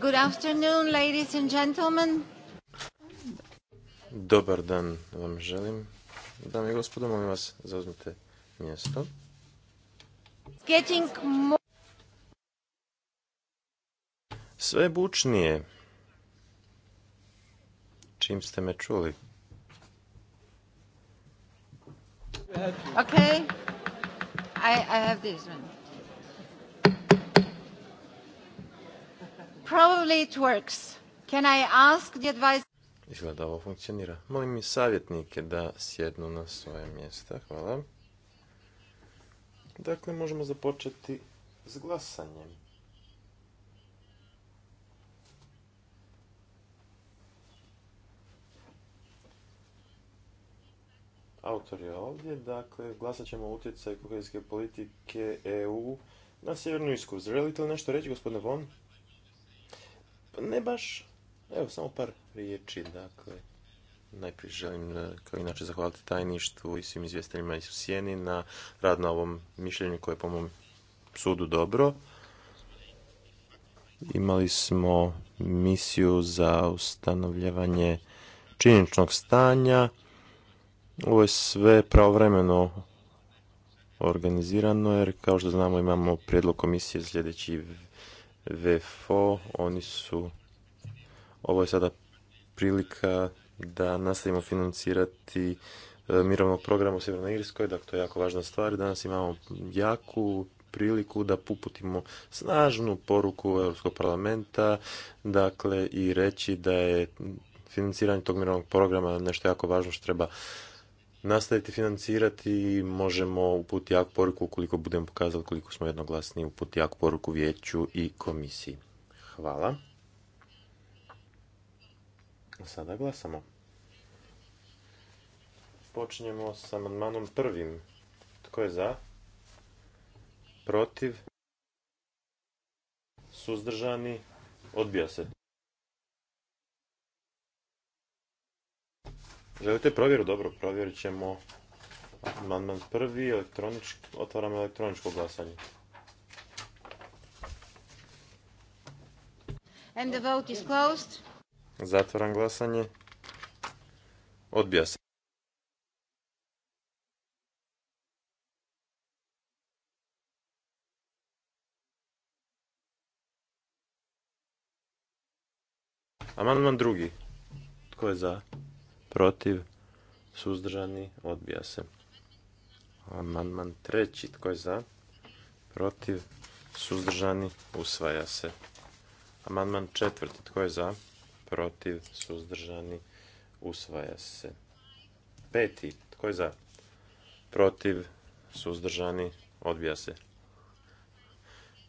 Good afternoon, ladies and gentlemen. Dobar dan vam želim. Dame i gospodo, molim vas, zauzmite mjesto. Sve bučnije. Čim ste me čuli? Okay. I, I have this one. Probably it works. Can I ask the advice? Izgleda ovo funkcionira. Molim mi savjetnike da sjednu na svoje mjesta. Hvala. Dakle, možemo započeti s glasanjem. Autor je ovdje, dakle, glasat ćemo utjecaj kohezijske politike EU na Sjevernu Isku. Želite li nešto reći, gospodine Von? Pa ne baš, evo samo par riječi, dakle. Najprije želim, e, kao inače, zahvaliti tajništvu i svim izvjestiteljima iz Sjeni na rad na ovom mišljenju koje je po mom sudu dobro. Imali smo misiju za ustanovljavanje činjeničnog stanja. Ovo je sve pravovremeno organizirano jer kao što znamo imamo prijedlog komisije sljedeći VFO, oni su, ovo je sada prilika da nastavimo financirati e, mirovnog programa u Sjevernoj Irskoj, dakle to je jako važna stvar. Danas imamo jaku priliku da puputimo snažnu poruku Europskog parlamenta, dakle i reći da je financiranje tog mirovnog programa nešto jako važno što treba nastaviti financirati i možemo uputiti jaku poruku ukoliko budemo pokazali koliko smo jednoglasni uputiti jaku poruku vijeću i komisiji. Hvala. Sada glasamo. Počinjemo s amandmanom prvim. Tko je za? Protiv? Suzdržani? Odbija se. Želite provjeru? Dobro, provjerit ćemo amandman prvi, elektronički, otvaram elektroničko glasanje. And Zatvaram glasanje. Odbija se. Amandman drugi. Tko je za? protiv, suzdržani, odbija se. Amandman treći, tko je za, protiv, suzdržani, usvaja se. Amandman četvrti, tko je za, protiv, suzdržani, usvaja se. Peti, tko je za, protiv, suzdržani, odbija se.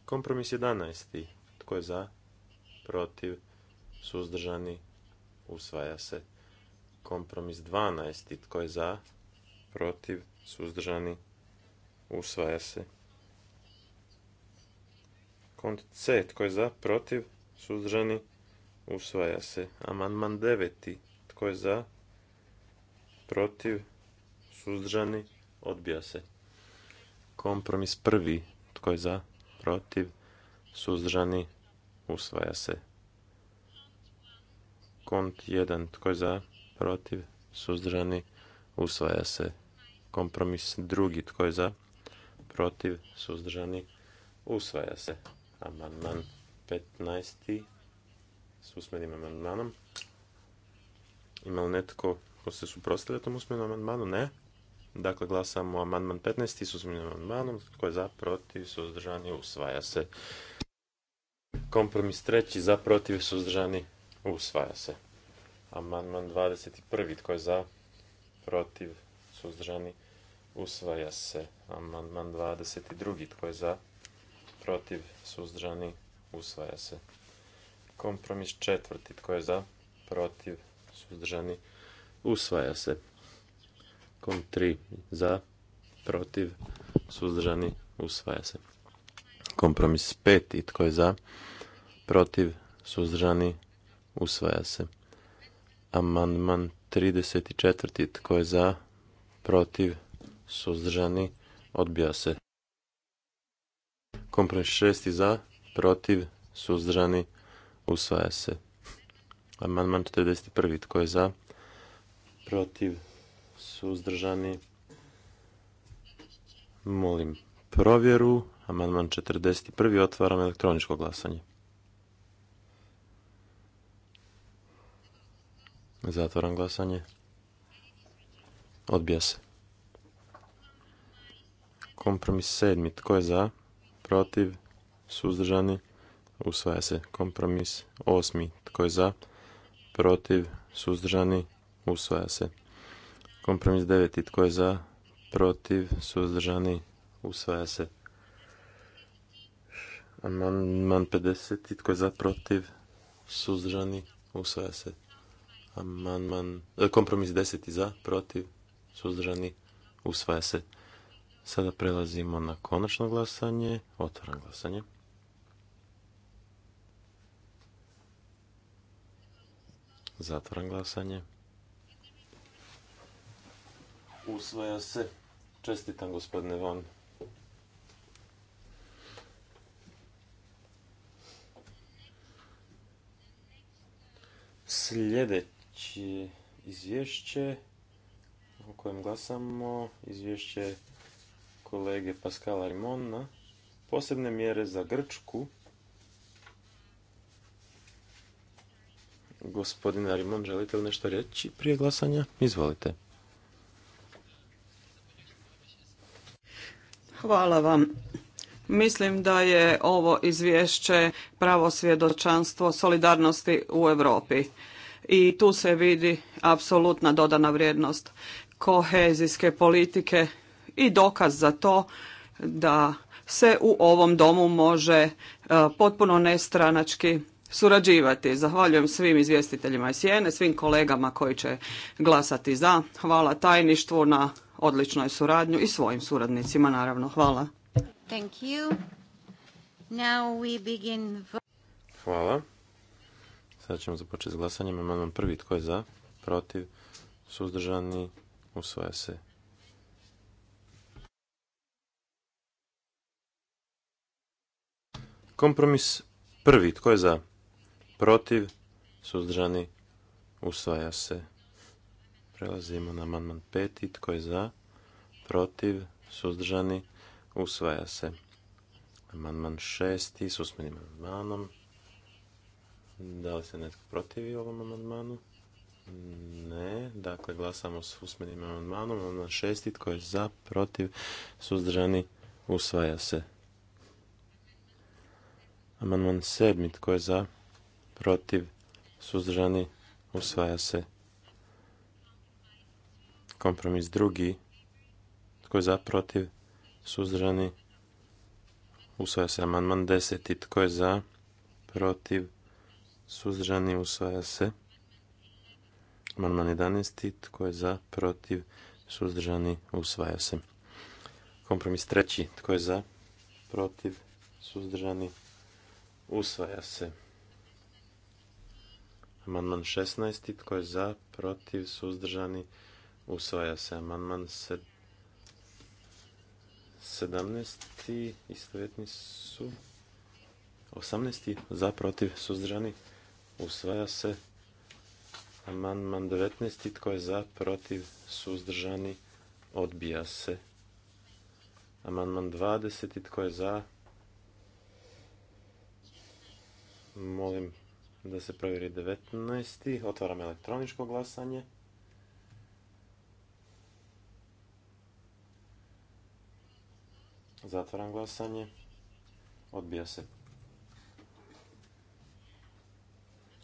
Kompromis 11. Tko je za? Protiv? Suzdržani? Usvaja se. Kompromis 12. Tko je za? Protiv? Suzdržani? Usvaja se. Kont C. Tko je za? Protiv? Suzdržani? Usvaja se. Amandman 9. Tko je za? Protiv? Suzdržani? Odbija se. Kompromis 1. Tko je za? Protiv? Suzdržani? Usvaja se. Kont 1. Tko je za? protiv, suzdržani, usvaja se. Kompromis drugi, tko je za, protiv, suzdržani, usvaja se. Amandman 15. s usmenim amandmanom. Ima li netko ko se suprostavlja tom usmenom amandmanu? Ne. Dakle, glasamo amandman 15. s usmenim amandmanom. Tko je za, protiv, suzdržani, usvaja se. Kompromis treći, za, protiv, suzdržani, usvaja se. Amandman 21. Tko je za? Protiv? Suzdržani? Usvaja se. Amandman 22. Tko je za? Protiv? Suzdržani? Usvaja se. Kompromis četvrti. Tko je za? Protiv? Suzdržani? Usvaja se. Kom 3. Za? Protiv? Suzdržani? Usvaja se. Kompromis peti. Tko je za? Protiv? Suzdržani? Usvaja se. Amandman 34. Tko je za? Protiv? Suzdržani? Odbija se. Kompromis 6. Za? Protiv? Suzdržani? Usvaja se. Amandman 41. Tko je za? Protiv? Suzdržani? Molim provjeru. Amandman 41. Otvaram elektroničko glasanje. Zatvaram glasanje. Odbija se. Kompromis sedmi. Tko je za? Protiv? Suzdržani? Usvaja se. Kompromis osmi. Tko je za? Protiv? Suzdržani? Usvaja se. Kompromis deveti. Tko je za? Protiv? Suzdržani? Usvaja se. Amandman 50. Tko je za? Protiv? Suzdržani? Usvaja se. Amandman, e, kompromis 10 za, protiv, suzdržani, usvaja se. Sada prelazimo na konačno glasanje. Otvaram glasanje. Zatvaram glasanje. Usvaja se. Čestitam gospodine Von. Sljedeće izvješće o kojem glasamo, izvješće kolege Pascala Rimona, posebne mjere za Grčku. Gospodin Rimon, želite li nešto reći prije glasanja? Izvolite. Hvala vam. Mislim da je ovo izvješće pravo svjedočanstvo solidarnosti u Europi i tu se vidi apsolutna dodana vrijednost kohezijske politike i dokaz za to da se u ovom domu može e, potpuno nestranački surađivati. Zahvaljujem svim izvjestiteljima iz Sjene, svim kolegama koji će glasati za. Hvala tajništvu na odličnoj suradnju i svojim suradnicima naravno. Hvala. Hvala. Sada ćemo započeti s glasanjem. Amandman prvi, tko je za? Protiv? Suzdržani? Usvaja se. Kompromis prvi, tko je za? Protiv? Suzdržani? Usvaja se. Prelazimo na amandman peti, tko je za? Protiv? Suzdržani? Usvaja se. Amandman šesti s usmenim amandmanom. Da li se netko protivi ovom amandmanu? Ne. Dakle, glasamo s usmenim amandmanom. Amandman šesti, tko je za, protiv, suzdržani, usvaja se. Amandman sedmi, tko je za, protiv, suzdržani, usvaja se. Kompromis drugi, tko je za, protiv, suzdržani, usvaja se. Amandman deseti, tko je za, protiv, suzdržani usvaja se. Amandman 11. Tko je za, protiv, suzdržani usvaja se. Kompromis treći. Tko je za, protiv, suzdržani usvaja se. Amandman 16. Tko je za, protiv, suzdržani usvaja se. Amandman 17. istovjetni su. 18. Za, protiv, suzdržani usvaja se. Amandman 19. Tko je za, protiv, suzdržani, odbija se. Amandman 20. Tko je za? Molim da se provjeri 19. Otvaram elektroničko glasanje. Zatvaram glasanje. Odbija se.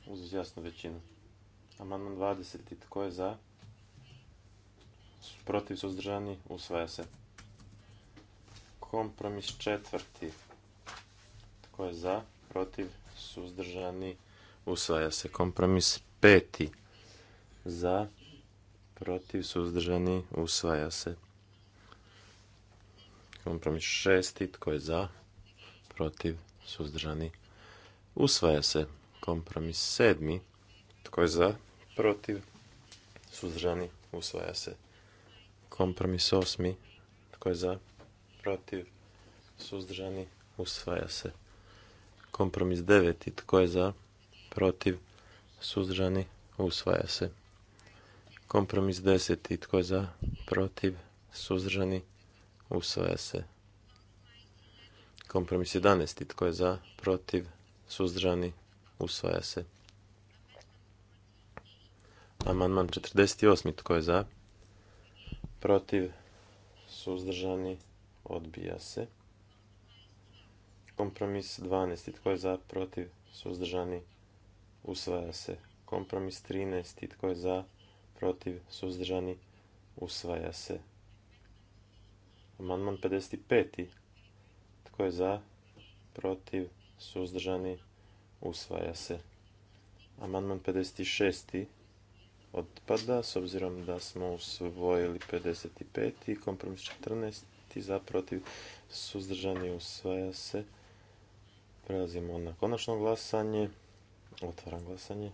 uz jasnu većinu. Amandman 20. Tko je za? Protiv suzdržani? Usvaja se. Kompromis četvrti. Tko je za? Protiv suzdržani? Usvaja se. Kompromis peti. Za? Protiv suzdržani? Usvaja se. Kompromis šesti. Tko je za? Protiv suzdržani? Usvaja se. Kompromis sedmi. Tko je za? Protiv. Suzdržani. Usvaja se. Kompromis 8. Tko je za? Protiv. Suzdržani. Usvaja se. Kompromis 9. Tko je za? Protiv. Suzdržani. Usvaja se. Kompromis 10. Tko je za? Protiv. Suzdržani. Usvaja se. Kompromis 11. Tko je za? Protiv? Suzdržani? Usvaja se. Amandman 48. Tko je za? Protiv? Suzdržani? Odbija se. Kompromis 12. Tko je za? Protiv? Suzdržani? Usvaja se. Kompromis 13. Tko je za? Protiv? Suzdržani? Usvaja se. Amandman 55. Tko je za? Protiv? Suzdržani? usvaja se. Amandman 56. odpada, s obzirom da smo usvojili 55. Kompromis 14. za protiv suzdržani usvaja se. Prelazimo na konačno glasanje. Otvaram glasanje.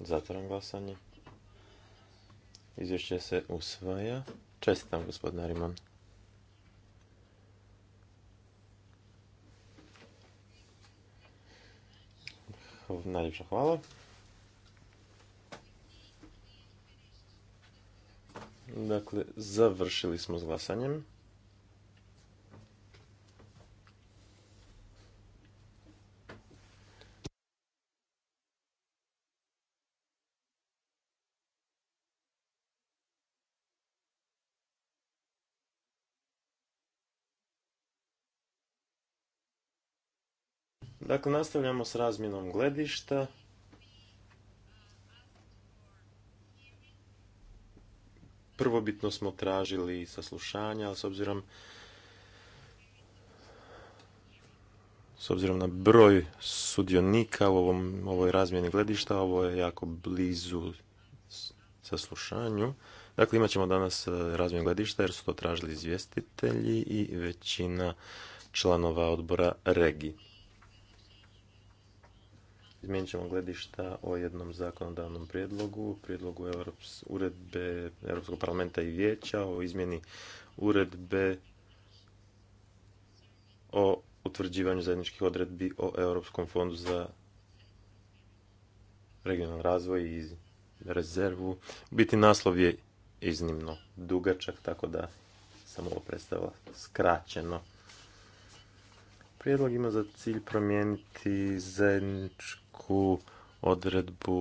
Zatvaram glasanje. Izvješće se usvaja. Čestitam gospodin Ariman. Najljepša hvala. Dakle, završili smo s glasanjem. Dakle, nastavljamo s razmjenom gledišta. Prvobitno smo tražili saslušanja, ali s obzirom s obzirom na broj sudionika u ovom, ovoj razmjeni gledišta, ovo je jako blizu saslušanju. Dakle, imat ćemo danas e, razmjenu gledišta jer su to tražili izvjestitelji i većina članova odbora REGI. Izmijenit ćemo gledišta o jednom zakonodavnom prijedlogu, prijedlogu Europs, uredbe Europskog parlamenta i vijeća o izmjeni uredbe o utvrđivanju zajedničkih odredbi o Europskom fondu za regionalni razvoj i rezervu. biti naslov je iznimno dugačak, tako da sam ovo predstavila skraćeno. Prijedlog ima za cilj promijeniti zajedničku neku odredbu,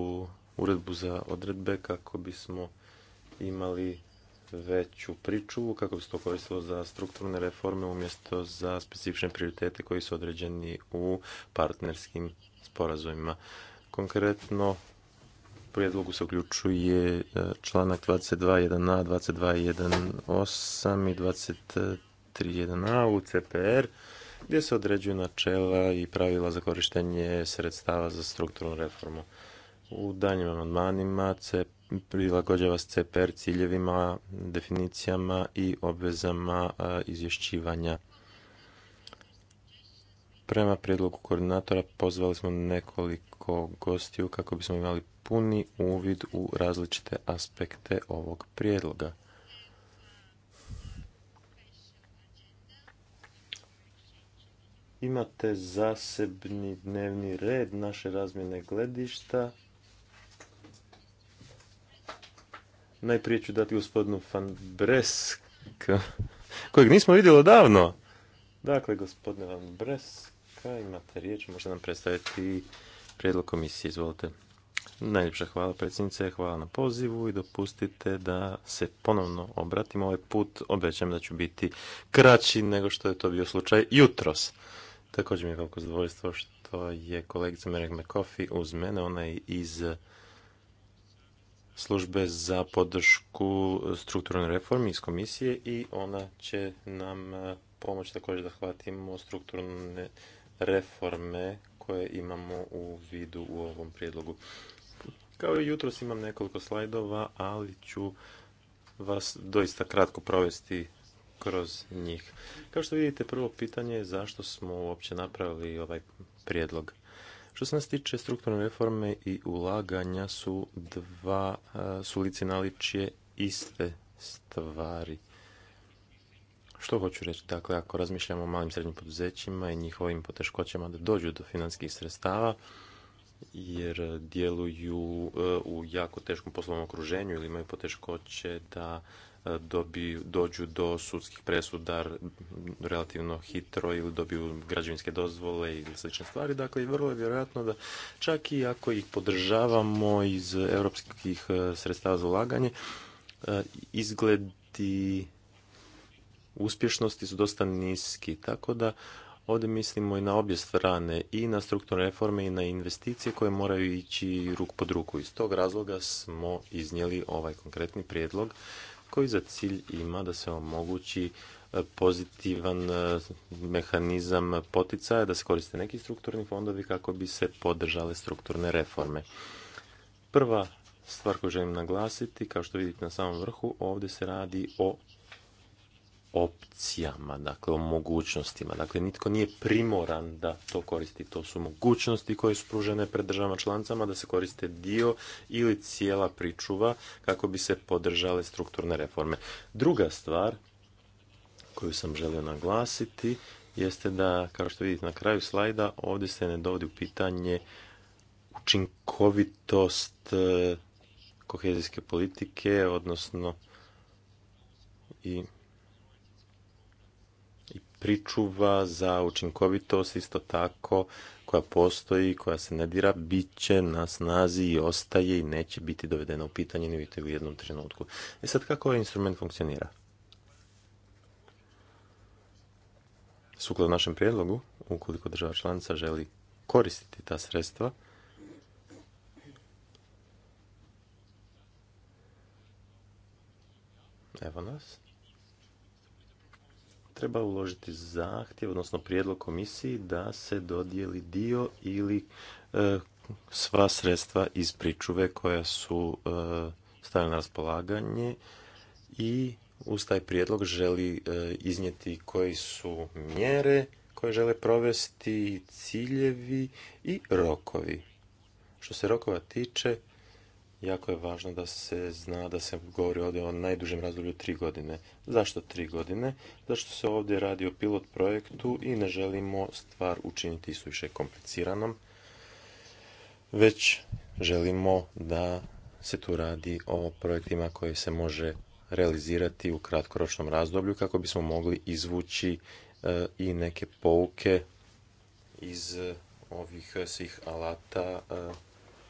uredbu za odredbe kako bismo imali veću pričuvu kako bi se to koristilo za strukturne reforme umjesto za specifične prioritete koji su određeni u partnerskim sporazumima. Konkretno prijedlogu se uključuje e, članak 22.1a, 22.1.8 i 23.1a u CPR gdje se određuju načela i pravila za korištenje sredstava za strukturnu reformu. U danjim amandmanima se prilagođava s CPR ciljevima, definicijama i obvezama izvješćivanja. Prema prijedlogu koordinatora pozvali smo nekoliko gostiju kako bismo imali puni uvid u različite aspekte ovog prijedloga. Imate zasebni dnevni red naše razmjene gledišta. Najprije ću dati gospodinu Van Bresk, kojeg nismo vidjeli odavno. Dakle, gospodine Van Breska, imate riječ, možete nam predstaviti prijedlog komisije, izvolite. Najljepša hvala predsjednice, hvala na pozivu i dopustite da se ponovno obratimo Ovaj put obećam da ću biti kraći nego što je to bio slučaj jutros. Također mi je veliko zadovoljstvo što je kolegica Merek McCoffey uz mene, ona je iz službe za podršku strukturnoj reformi iz komisije i ona će nam e, pomoći također da hvatimo strukturne reforme koje imamo u vidu u ovom prijedlogu. Kao i jutros imam nekoliko slajdova, ali ću vas doista kratko provesti kroz njih. Kao što vidite, prvo pitanje je zašto smo uopće napravili ovaj prijedlog. Što se nas tiče strukturne reforme i ulaganja su dva, su lici iste stvari. Što hoću reći? Dakle, ako razmišljamo o malim srednjim poduzećima i njihovim poteškoćama da dođu do financijskih sredstava, jer djeluju e, u jako teškom poslovnom okruženju ili imaju poteškoće da dobiju, dođu do sudskih presuda relativno hitro ili dobiju građevinske dozvole ili slične stvari. Dakle, vrlo je vjerojatno da čak i ako ih podržavamo iz europskih e, sredstava za ulaganje, e, izgledi uspješnosti su dosta niski. Tako da ovdje mislimo i na obje strane, i na strukturne reforme i na investicije koje moraju ići ruk pod ruku. Iz tog razloga smo iznijeli ovaj konkretni prijedlog koji za cilj ima da se omogući e, pozitivan e, mehanizam poticaja, da se koriste neki strukturni fondovi kako bi se podržale strukturne reforme. Prva stvar koju želim naglasiti, kao što vidite na samom vrhu, ovdje se radi o opcijama, dakle o mogućnostima. Dakle, nitko nije primoran da to koristi. To su mogućnosti koje su pružene pred državama članicama da se koriste dio ili cijela pričuva kako bi se podržale strukturne reforme. Druga stvar koju sam želio naglasiti jeste da, kao što vidite na kraju slajda, ovdje se ne dovodi u pitanje učinkovitost e, kohezijske politike, odnosno i pričuva za učinkovitost isto tako koja postoji, koja se ne dira, bit će na snazi i ostaje i neće biti dovedena u pitanje ni u jednom trenutku. E sad kako ovaj instrument funkcionira? Sukladno našem prijedlogu, ukoliko država članica želi koristiti ta sredstva, evo nas, treba uložiti zahtjev, odnosno prijedlog komisiji da se dodijeli dio ili e, sva sredstva iz pričuve koja su e, na raspolaganje i uz taj prijedlog želi e, iznijeti koji su mjere koje žele provesti, ciljevi i rokovi. Što se rokova tiče, jako je važno da se zna da se govori ovdje o najdužem razdoblju tri godine. Zašto tri godine? Zašto se ovdje radi o pilot projektu i ne želimo stvar učiniti suviše kompliciranom, već želimo da se tu radi o projektima koje se može realizirati u kratkoročnom razdoblju kako bismo mogli izvući e, i neke pouke iz e, ovih e, svih alata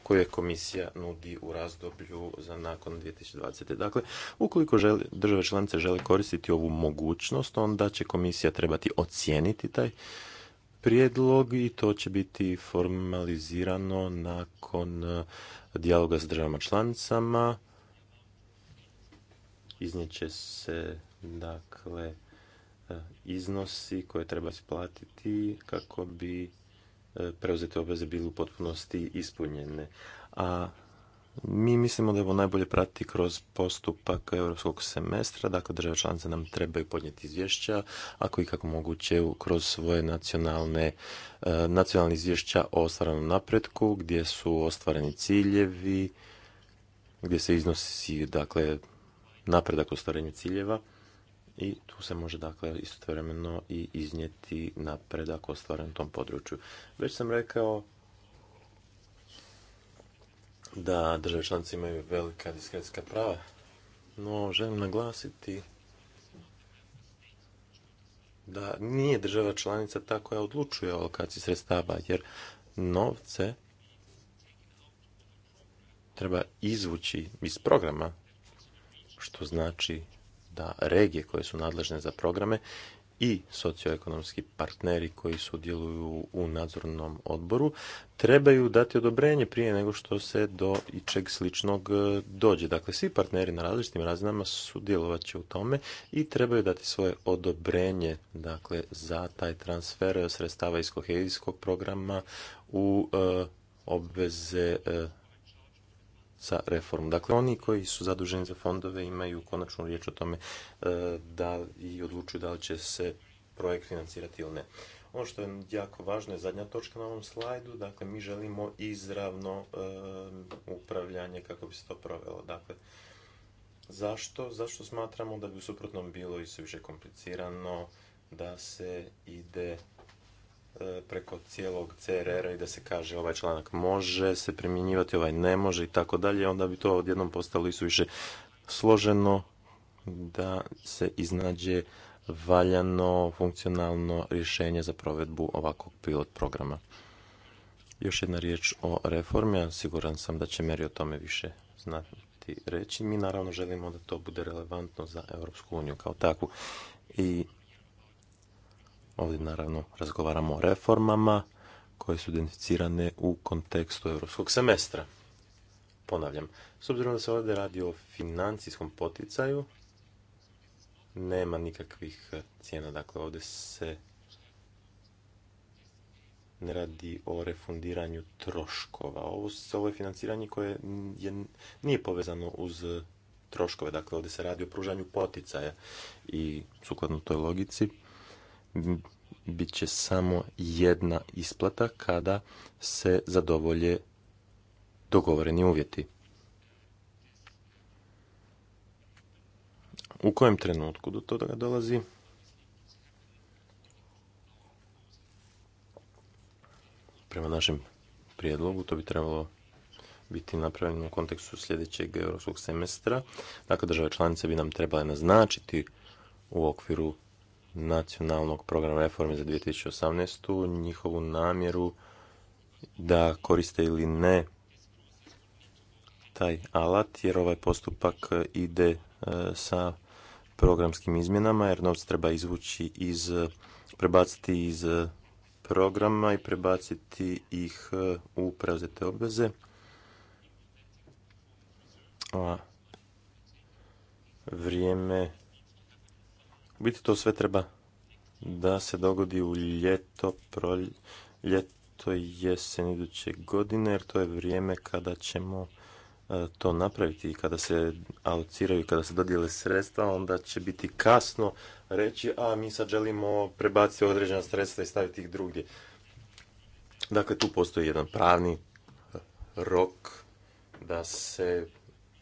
koje komisija nudi u razdoblju za nakon 2020. Dakle, ukoliko države članice žele koristiti ovu mogućnost, onda će komisija trebati ocijeniti taj prijedlog i to će biti formalizirano nakon eh, dijaloga s državama članicama. će se, dakle, eh, iznosi koje treba isplatiti kako bi E, preuzete obveze bili u potpunosti ispunjene. A mi mislimo da je ovo najbolje pratiti kroz postupak europskog semestra, dakle države članice nam trebaju podnijeti izvješća, ako i kako moguće kroz svoje e, nacionalne, izvješća o ostvarenom napretku, gdje su ostvareni ciljevi, gdje se iznosi dakle, napredak u ostvarenju ciljeva i tu se može dakle istovremeno i iznijeti napredak ostvaren tom području. Već sam rekao da države članice imaju velika diskretska prava, no želim naglasiti da nije država članica ta koja odlučuje o alokaciji sredstava, jer novce treba izvući iz programa, što znači da regije koje su nadležne za programe i socioekonomski partneri koji sudjeluju u nadzornom odboru trebaju dati odobrenje prije nego što se do ičeg sličnog e, dođe. Dakle, svi partneri na različitim razinama sudjelovat će u tome i trebaju dati svoje odobrenje dakle, za taj transfer sredstava iz kohezijskog programa u e, obveze e, sa reformom. Dakle, oni koji su zaduženi za fondove imaju konačnu riječ o tome e, da i odlučuju da li će se projekt financirati ili ne. Ono što je jako važno je zadnja točka na ovom slajdu, dakle mi želimo izravno e, upravljanje kako bi se to provelo. Dakle, zašto? Zašto smatramo da bi u suprotnom bilo i sve više komplicirano da se ide E, preko cijelog CRR-a i da se kaže ovaj članak može se primjenjivati, ovaj ne može i tako dalje, onda bi to odjednom postalo i suviše složeno da se iznađe valjano, funkcionalno rješenje za provedbu ovakvog pilot programa. Još jedna riječ o reformi, siguran sam da će Meri o tome više znati reći. Mi naravno želimo da to bude relevantno za Europsku uniju kao takvu. I Ovdje naravno razgovaramo o reformama koje su identificirane u kontekstu europskog semestra. Ponavljam, s obzirom da se ovdje radi o financijskom poticaju, nema nikakvih cijena. Dakle, ovdje se ne radi o refundiranju troškova. Ovo, ovo je financiranje koje je, nije povezano uz troškove. Dakle, ovdje se radi o pružanju poticaja i sukladno toj logici bit će samo jedna isplata kada se zadovolje dogovoreni uvjeti. U kojem trenutku do toga dolazi? Prema našem prijedlogu to bi trebalo biti napravljeno u kontekstu sljedećeg europskog semestra. Dakle, države članice bi nam trebale naznačiti u okviru nacionalnog programa reforme za 2018. njihovu namjeru da koriste ili ne taj alat jer ovaj postupak ide e, sa programskim izmjenama jer novce treba izvući iz prebaciti iz programa i prebaciti ih e, u preuzete obveze. A vrijeme biti to sve treba da se dogodi u ljeto, ljeto i jesen iduće godine, jer to je vrijeme kada ćemo e, to napraviti i kada se alociraju, kada se dodijele sredstva, onda će biti kasno reći, a mi sad želimo prebaciti određena sredstva i staviti ih drugdje. Dakle, tu postoji jedan pravni e, rok da se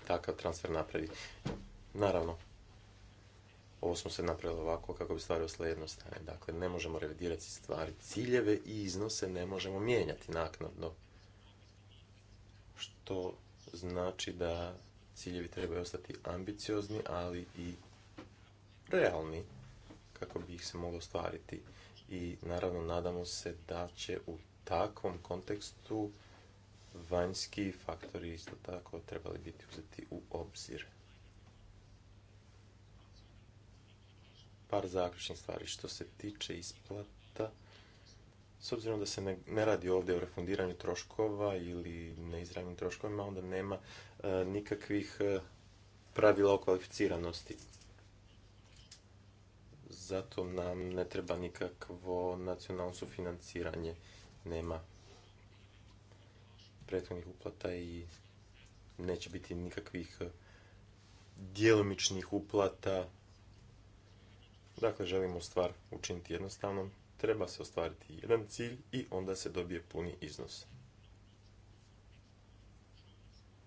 takav transfer napravi. Naravno, ovo smo se napravili ovako kako bi stvari ostale jednostavne. Dakle, ne možemo revidirati stvari. Ciljeve i iznose ne možemo mijenjati naknadno. Što znači da ciljevi trebaju ostati ambiciozni, ali i realni kako bi ih se moglo ostvariti. I naravno nadamo se da će u takvom kontekstu vanjski faktori isto tako trebali biti uzeti u obzir. par zaključnih stvari. Što se tiče isplata, s obzirom da se ne, radi ovdje o refundiranju troškova ili neizravnim troškovima, onda nema e, nikakvih e, pravila o kvalificiranosti. Zato nam ne treba nikakvo nacionalno sufinanciranje. Nema prethodnih uplata i neće biti nikakvih e, djelomičnih uplata Dakle, želimo stvar učiniti jednostavnom, treba se ostvariti jedan cilj i onda se dobije puni iznos.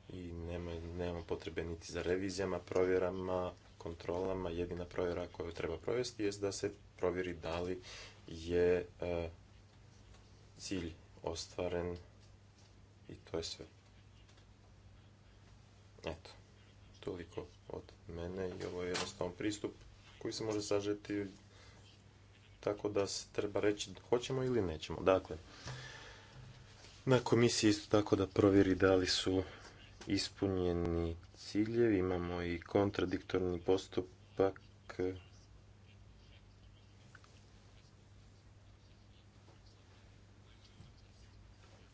I nema, potrebe niti za revizijama, provjerama, kontrolama. Jedina provjera koju treba provesti je da se provjeri da li je e, cilj ostvaren i to je sve. Eto, toliko od mene i ovo je jednostavan pristup koji se može sažeti tako da se treba reći hoćemo ili nećemo. Dakle, na komisiji isto tako da provjeri da li su ispunjeni ciljevi, imamo i kontradiktorni postupak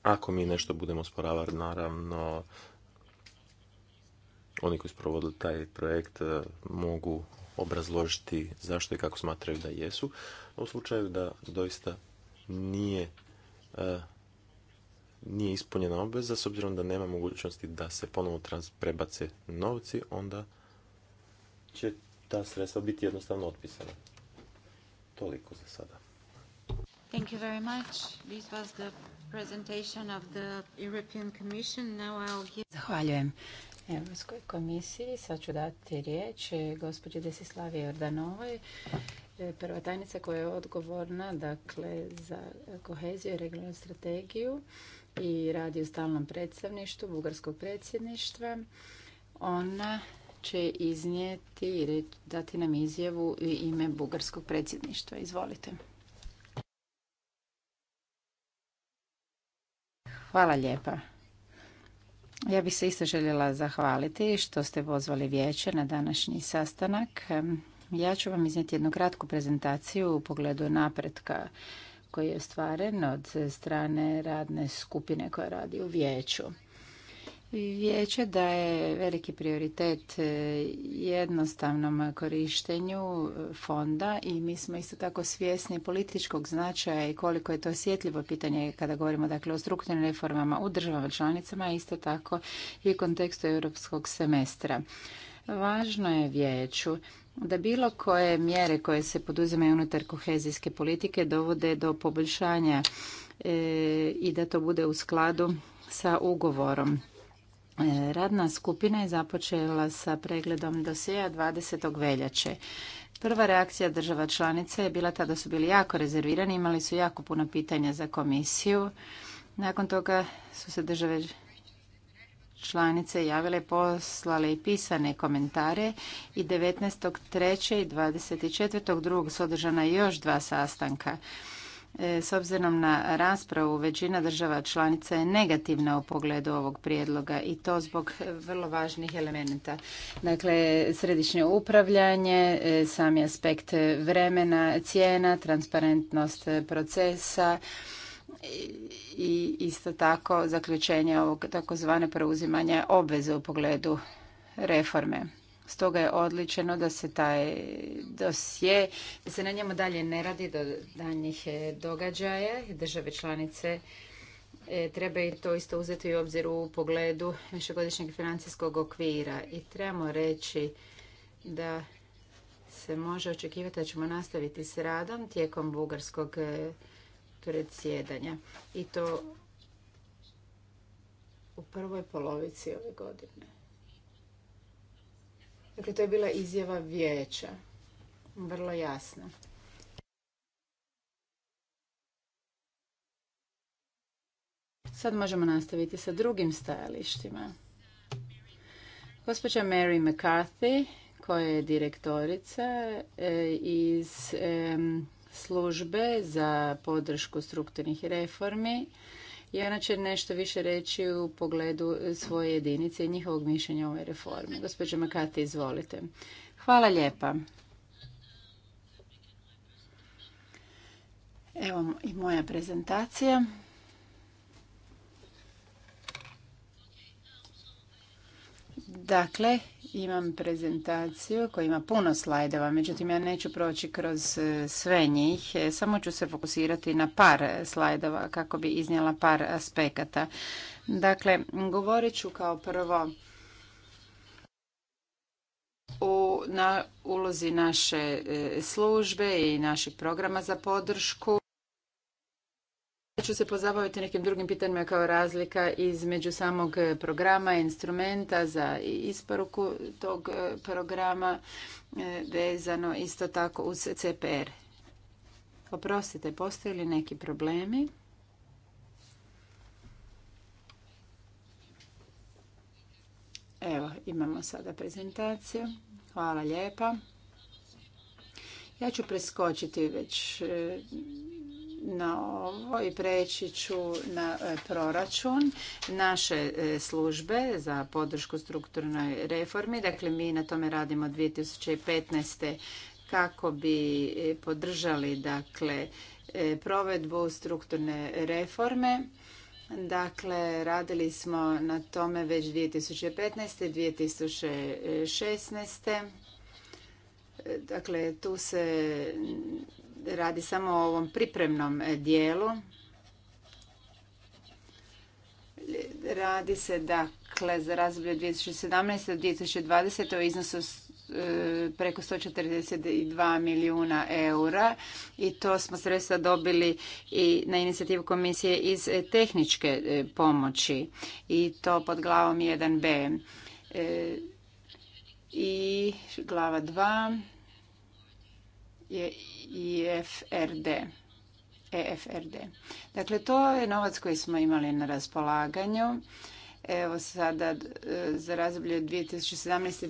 Ako mi nešto budemo sporavati, naravno, oni koji su taj projekt eh, mogu obrazložiti zašto i kako smatraju da jesu. U slučaju da doista nije e, nije ispunjena obveza, s obzirom da nema mogućnosti da se ponovno prebace novci, onda će ta sredstva biti jednostavno otpisana. Toliko za sada. Thank you very much. This was the presentation of the European Commission. Now I'll give... Zahvaljujem. Europskoj komisiji. Sad ću dati riječ e, gospođi Desislavi Jordanovoj, e, prva tajnica koja je odgovorna dakle, za koheziju i regionalnu strategiju i radi u stalnom predstavništu bugarskog predsjedništva. Ona će iznijeti i dati nam izjavu u ime bugarskog predsjedništva. Izvolite. Hvala lijepa. Ja bih se isto željela zahvaliti što ste pozvali vijeće na današnji sastanak. Ja ću vam iznijeti jednu kratku prezentaciju u pogledu napretka koji je ostvaren od strane radne skupine koja radi u vijeću. Vijeće da je veliki prioritet e, jednostavnom korištenju e, fonda i mi smo isto tako svjesni političkog značaja i koliko je to osjetljivo pitanje kada govorimo dakle, o strukturnim reformama u državama članicama, isto tako i u kontekstu europskog semestra. Važno je vijeću da bilo koje mjere koje se poduzimaju unutar kohezijske politike dovode do poboljšanja e, i da to bude u skladu sa ugovorom E, radna skupina je započela sa pregledom dosjeja 20. veljače. Prva reakcija država članica je bila ta da su bili jako rezervirani, imali su jako puno pitanja za komisiju. Nakon toga su se države članice javile, poslale i pisane komentare i 19.3. i 24.2. su održana još dva sastanka. E, s obzirom na raspravu, većina država članica je negativna u pogledu ovog prijedloga i to zbog vrlo važnih elementa. Dakle, središnje upravljanje, e, sami aspekt vremena, cijena, transparentnost procesa i isto tako zaključenje ovog takozvane preuzimanja obveze u pogledu reforme. Stoga je odličeno da se taj dosje, da se na njemu dalje ne radi do danjih e, događaja. Države članice e, treba i to isto uzeti u obzir u pogledu višegodišnjeg financijskog okvira. I trebamo reći da se može očekivati da ćemo nastaviti s radom tijekom bugarskog e, predsjedanja. I to u prvoj polovici ove godine. Dakle, to je bila izjava vijeća. Vrlo jasna. Sad možemo nastaviti sa drugim stajalištima. Gospođa Mary McCarthy, koja je direktorica e, iz službe za podršku strukturnih reformi, i ona će nešto više reći u pogledu svoje jedinice i njihovog mišljenja o ovoj reformi. Gospođa Makati, izvolite. Hvala lijepa. Evo i moja prezentacija. Dakle, imam prezentaciju koja ima puno slajdova, međutim ja neću proći kroz e, sve njih, e, samo ću se fokusirati na par slajdova kako bi iznijela par aspekata. Dakle, govorit ću kao prvo u na ulozi naše e, službe i naših programa za podršku ja ću se pozabaviti nekim drugim pitanjima kao razlika između samog programa, instrumenta za isporuku tog e, programa e, vezano isto tako uz CPR. Oprostite, postoje li neki problemi? Evo, imamo sada prezentaciju. Hvala lijepa. Ja ću preskočiti već e, na ovo i preći ću na e, proračun naše e, službe za podršku strukturnoj reformi. Dakle, mi na tome radimo 2015. kako bi e, podržali dakle, provedbu strukturne reforme. Dakle, radili smo na tome već 2015. 2016. Dakle, tu se radi samo o ovom pripremnom e, dijelu. Radi se dakle za razdoblje 2017. do 2020. o iznosu e, preko 142 milijuna eura i to smo sredstva dobili i na inicijativu komisije iz e, tehničke pomoći i to pod glavom 1b. I glava 2 je IFRD. EFRD. Dakle, to je novac koji smo imali na raspolaganju. Evo sada e, za razdoblje 2017.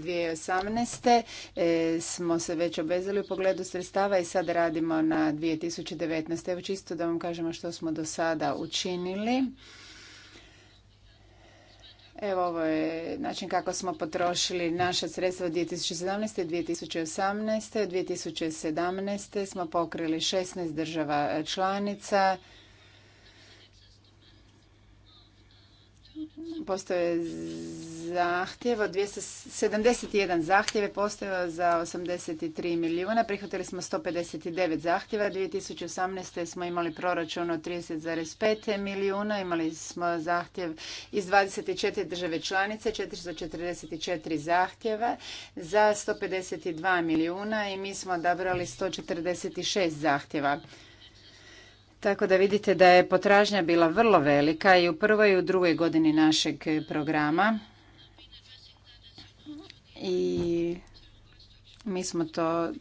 2018. E, smo se već obezali u pogledu sredstava i sad radimo na 2019. Evo čisto da vam kažemo što smo do sada učinili. Evo ovo je način kako smo potrošili naša sredstva od 2017. i 2018. 2017. smo pokrili 16 država članica Postoje zahtjev od 271 zahtjeve, postoje za 83 milijuna, prihvatili smo 159 zahtjeva, 2018. smo imali proračun od 30,5 milijuna, imali smo zahtjev iz 24 države članice, 444 zahtjeva za 152 milijuna i mi smo odabrali 146 zahtjeva. Tako da vidite da je potražnja bila vrlo velika i u prvoj i u drugoj godini našeg programa. I mi smo to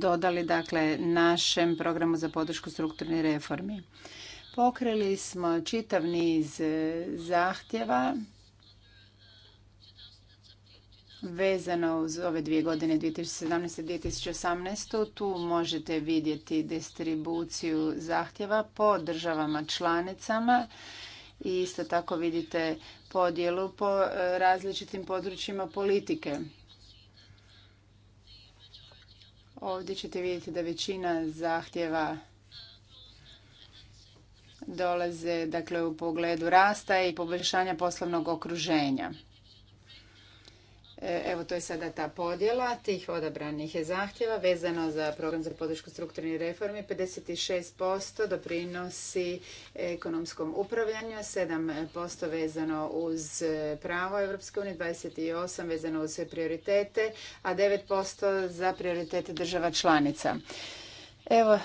dodali dakle našem programu za podršku strukturnih reformi. Pokrili smo čitav niz e, zahtjeva vezano uz ove dvije godine 2017. i 2018. Tu možete vidjeti distribuciju zahtjeva po državama članicama i isto tako vidite podjelu po e, različitim područjima politike. Ovdje ćete vidjeti da većina zahtjeva dolaze dakle u pogledu rasta i poboljšanja poslovnog okruženja. E, evo to je sada ta podjela tih odabranih je zahtjeva vezano za program za podršku strukturnih reformi. 56% doprinosi ekonomskom upravljanju, 7% vezano uz pravo Europske unije, 28% vezano uz sve prioritete, a 9% za prioritete država članica. Evo,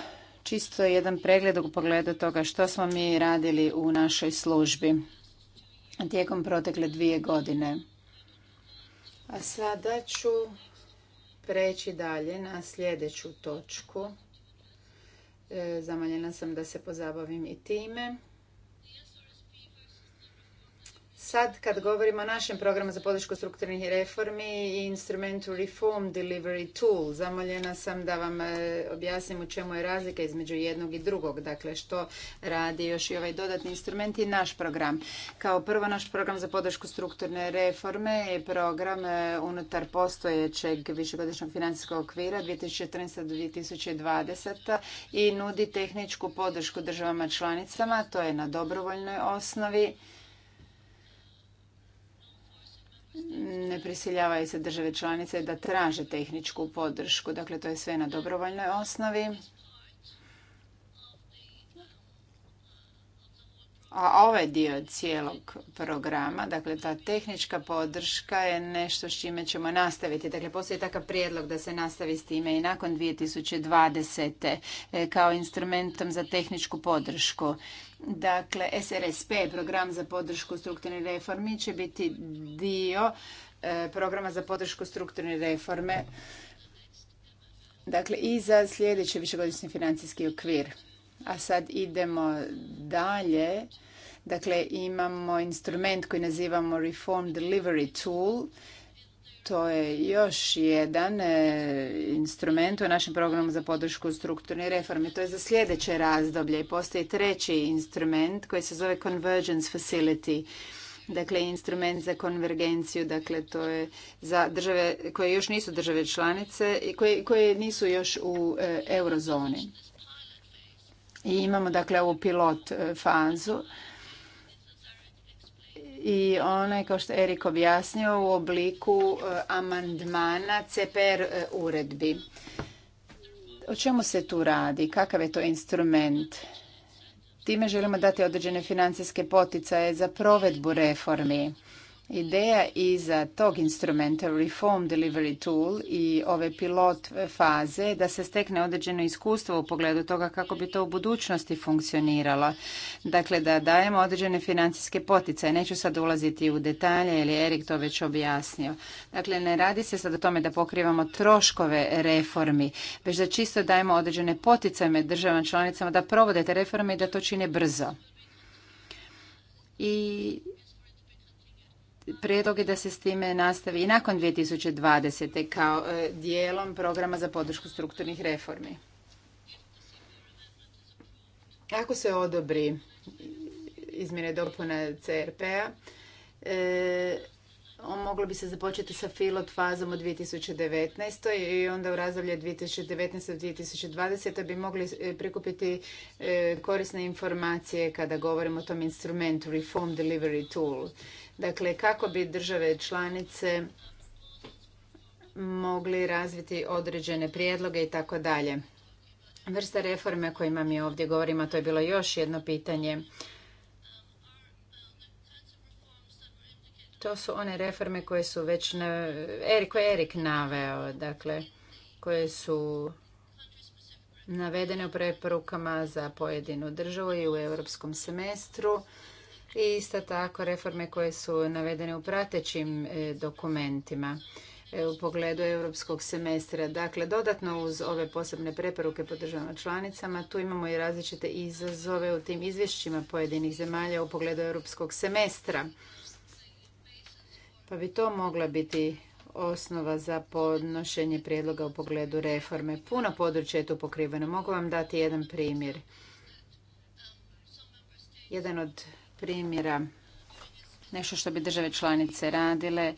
čisto jedan pregled u pogledu toga što smo mi radili u našoj službi tijekom protekle dvije godine. A sada ću preći dalje na sljedeću točku. E, Zamoljena sam da se pozabavim i time. Sad kad govorimo o našem programu za podršku strukturnih reformi i instrumentu Reform Delivery Tool, zamoljena sam da vam e, objasnim u čemu je razlika između jednog i drugog, dakle što radi još i ovaj dodatni instrument i naš program. Kao prvo naš program za podršku strukturne reforme je program e, unutar postojećeg višegodišnjeg financijskog okvira 2014-2020 i nudi tehničku podršku državama članicama, to je na dobrovoljnoj osnovi ne prisiljavaju se države članice da traže tehničku podršku. Dakle, to je sve na dobrovoljnoj osnovi. A ovaj dio cijelog programa, dakle ta tehnička podrška je nešto s čime ćemo nastaviti. Dakle, postoji takav prijedlog da se nastavi s time i nakon 2020. E, kao instrumentom za tehničku podršku. Dakle, SRSP, program za podršku strukturnih reformi, će biti dio e, programa za podršku strukturne reforme. Dakle, i za sljedeći višegodišnji financijski okvir. A sad idemo dalje. Dakle, imamo instrument koji nazivamo Reform Delivery Tool. To je još jedan e, instrument u našem programu za podršku strukturne reforme. To je za sljedeće razdoblje i postoji treći instrument koji se zove Convergence Facility. Dakle, instrument za konvergenciju, dakle, to je za države koje još nisu države članice i koje, nisu još u e, eurozoni. I imamo dakle ovu pilot e, fazu i ona je, kao što je Erik objasnio, u obliku e, amandmana CPR e, uredbi. O čemu se tu radi? Kakav je to instrument? Time želimo dati određene financijske poticaje za provedbu reformi Ideja iza tog instrumenta Reform Delivery Tool i ove pilot faze da se stekne određeno iskustvo u pogledu toga kako bi to u budućnosti funkcioniralo. Dakle, da dajemo određene financijske poticaje. Neću sad ulaziti u detalje jer je Erik to već objasnio. Dakle, ne radi se sad o tome da pokrivamo troškove reformi, već da čisto dajemo određene poticaje državama članicama da provode te reforme i da to čine brzo. I prijedlog je da se s time nastavi i nakon 2020. kao e, dijelom programa za podršku strukturnih reformi. Ako se odobri izmjene dopuna CRP-a, e, moglo bi se započeti sa filot fazom u 2019. i onda u razdoblje 2019-2020 bi mogli e, prikupiti e, korisne informacije kada govorimo o tom instrumentu Reform Delivery Tool. Dakle, kako bi države članice mogli razviti određene prijedloge i tako dalje. Vrsta reforme o kojima mi ovdje govorimo, to je bilo još jedno pitanje. To su one reforme koje su već, na, koje je Erik naveo, dakle, koje su navedene u preporukama za pojedinu državu i u europskom semestru i isto tako reforme koje su navedene u pratećim e, dokumentima e, u pogledu europskog semestra. Dakle, dodatno uz ove posebne preporuke po državama članicama, tu imamo i različite izazove u tim izvješćima pojedinih zemalja u pogledu europskog semestra. Pa bi to mogla biti osnova za podnošenje prijedloga u pogledu reforme. Puno područja je tu pokriveno. Mogu vam dati jedan primjer. Jedan od primjera nešto što bi države članice radile,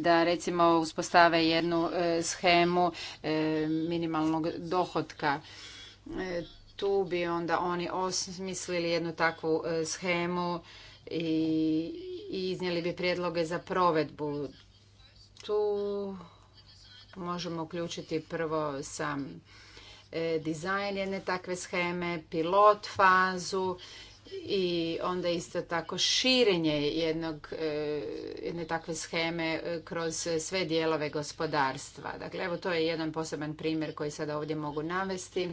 da recimo uspostave jednu e, schemu e, minimalnog dohotka. E, tu bi onda oni osmislili jednu takvu schemu i iznijeli bi prijedloge za provedbu. Tu možemo uključiti prvo sam dizajn jedne takve scheme, pilot fazu i onda isto tako širenje jednog, e, jedne takve scheme e, kroz sve dijelove gospodarstva. Dakle, evo to je jedan poseban primjer koji sada ovdje mogu navesti,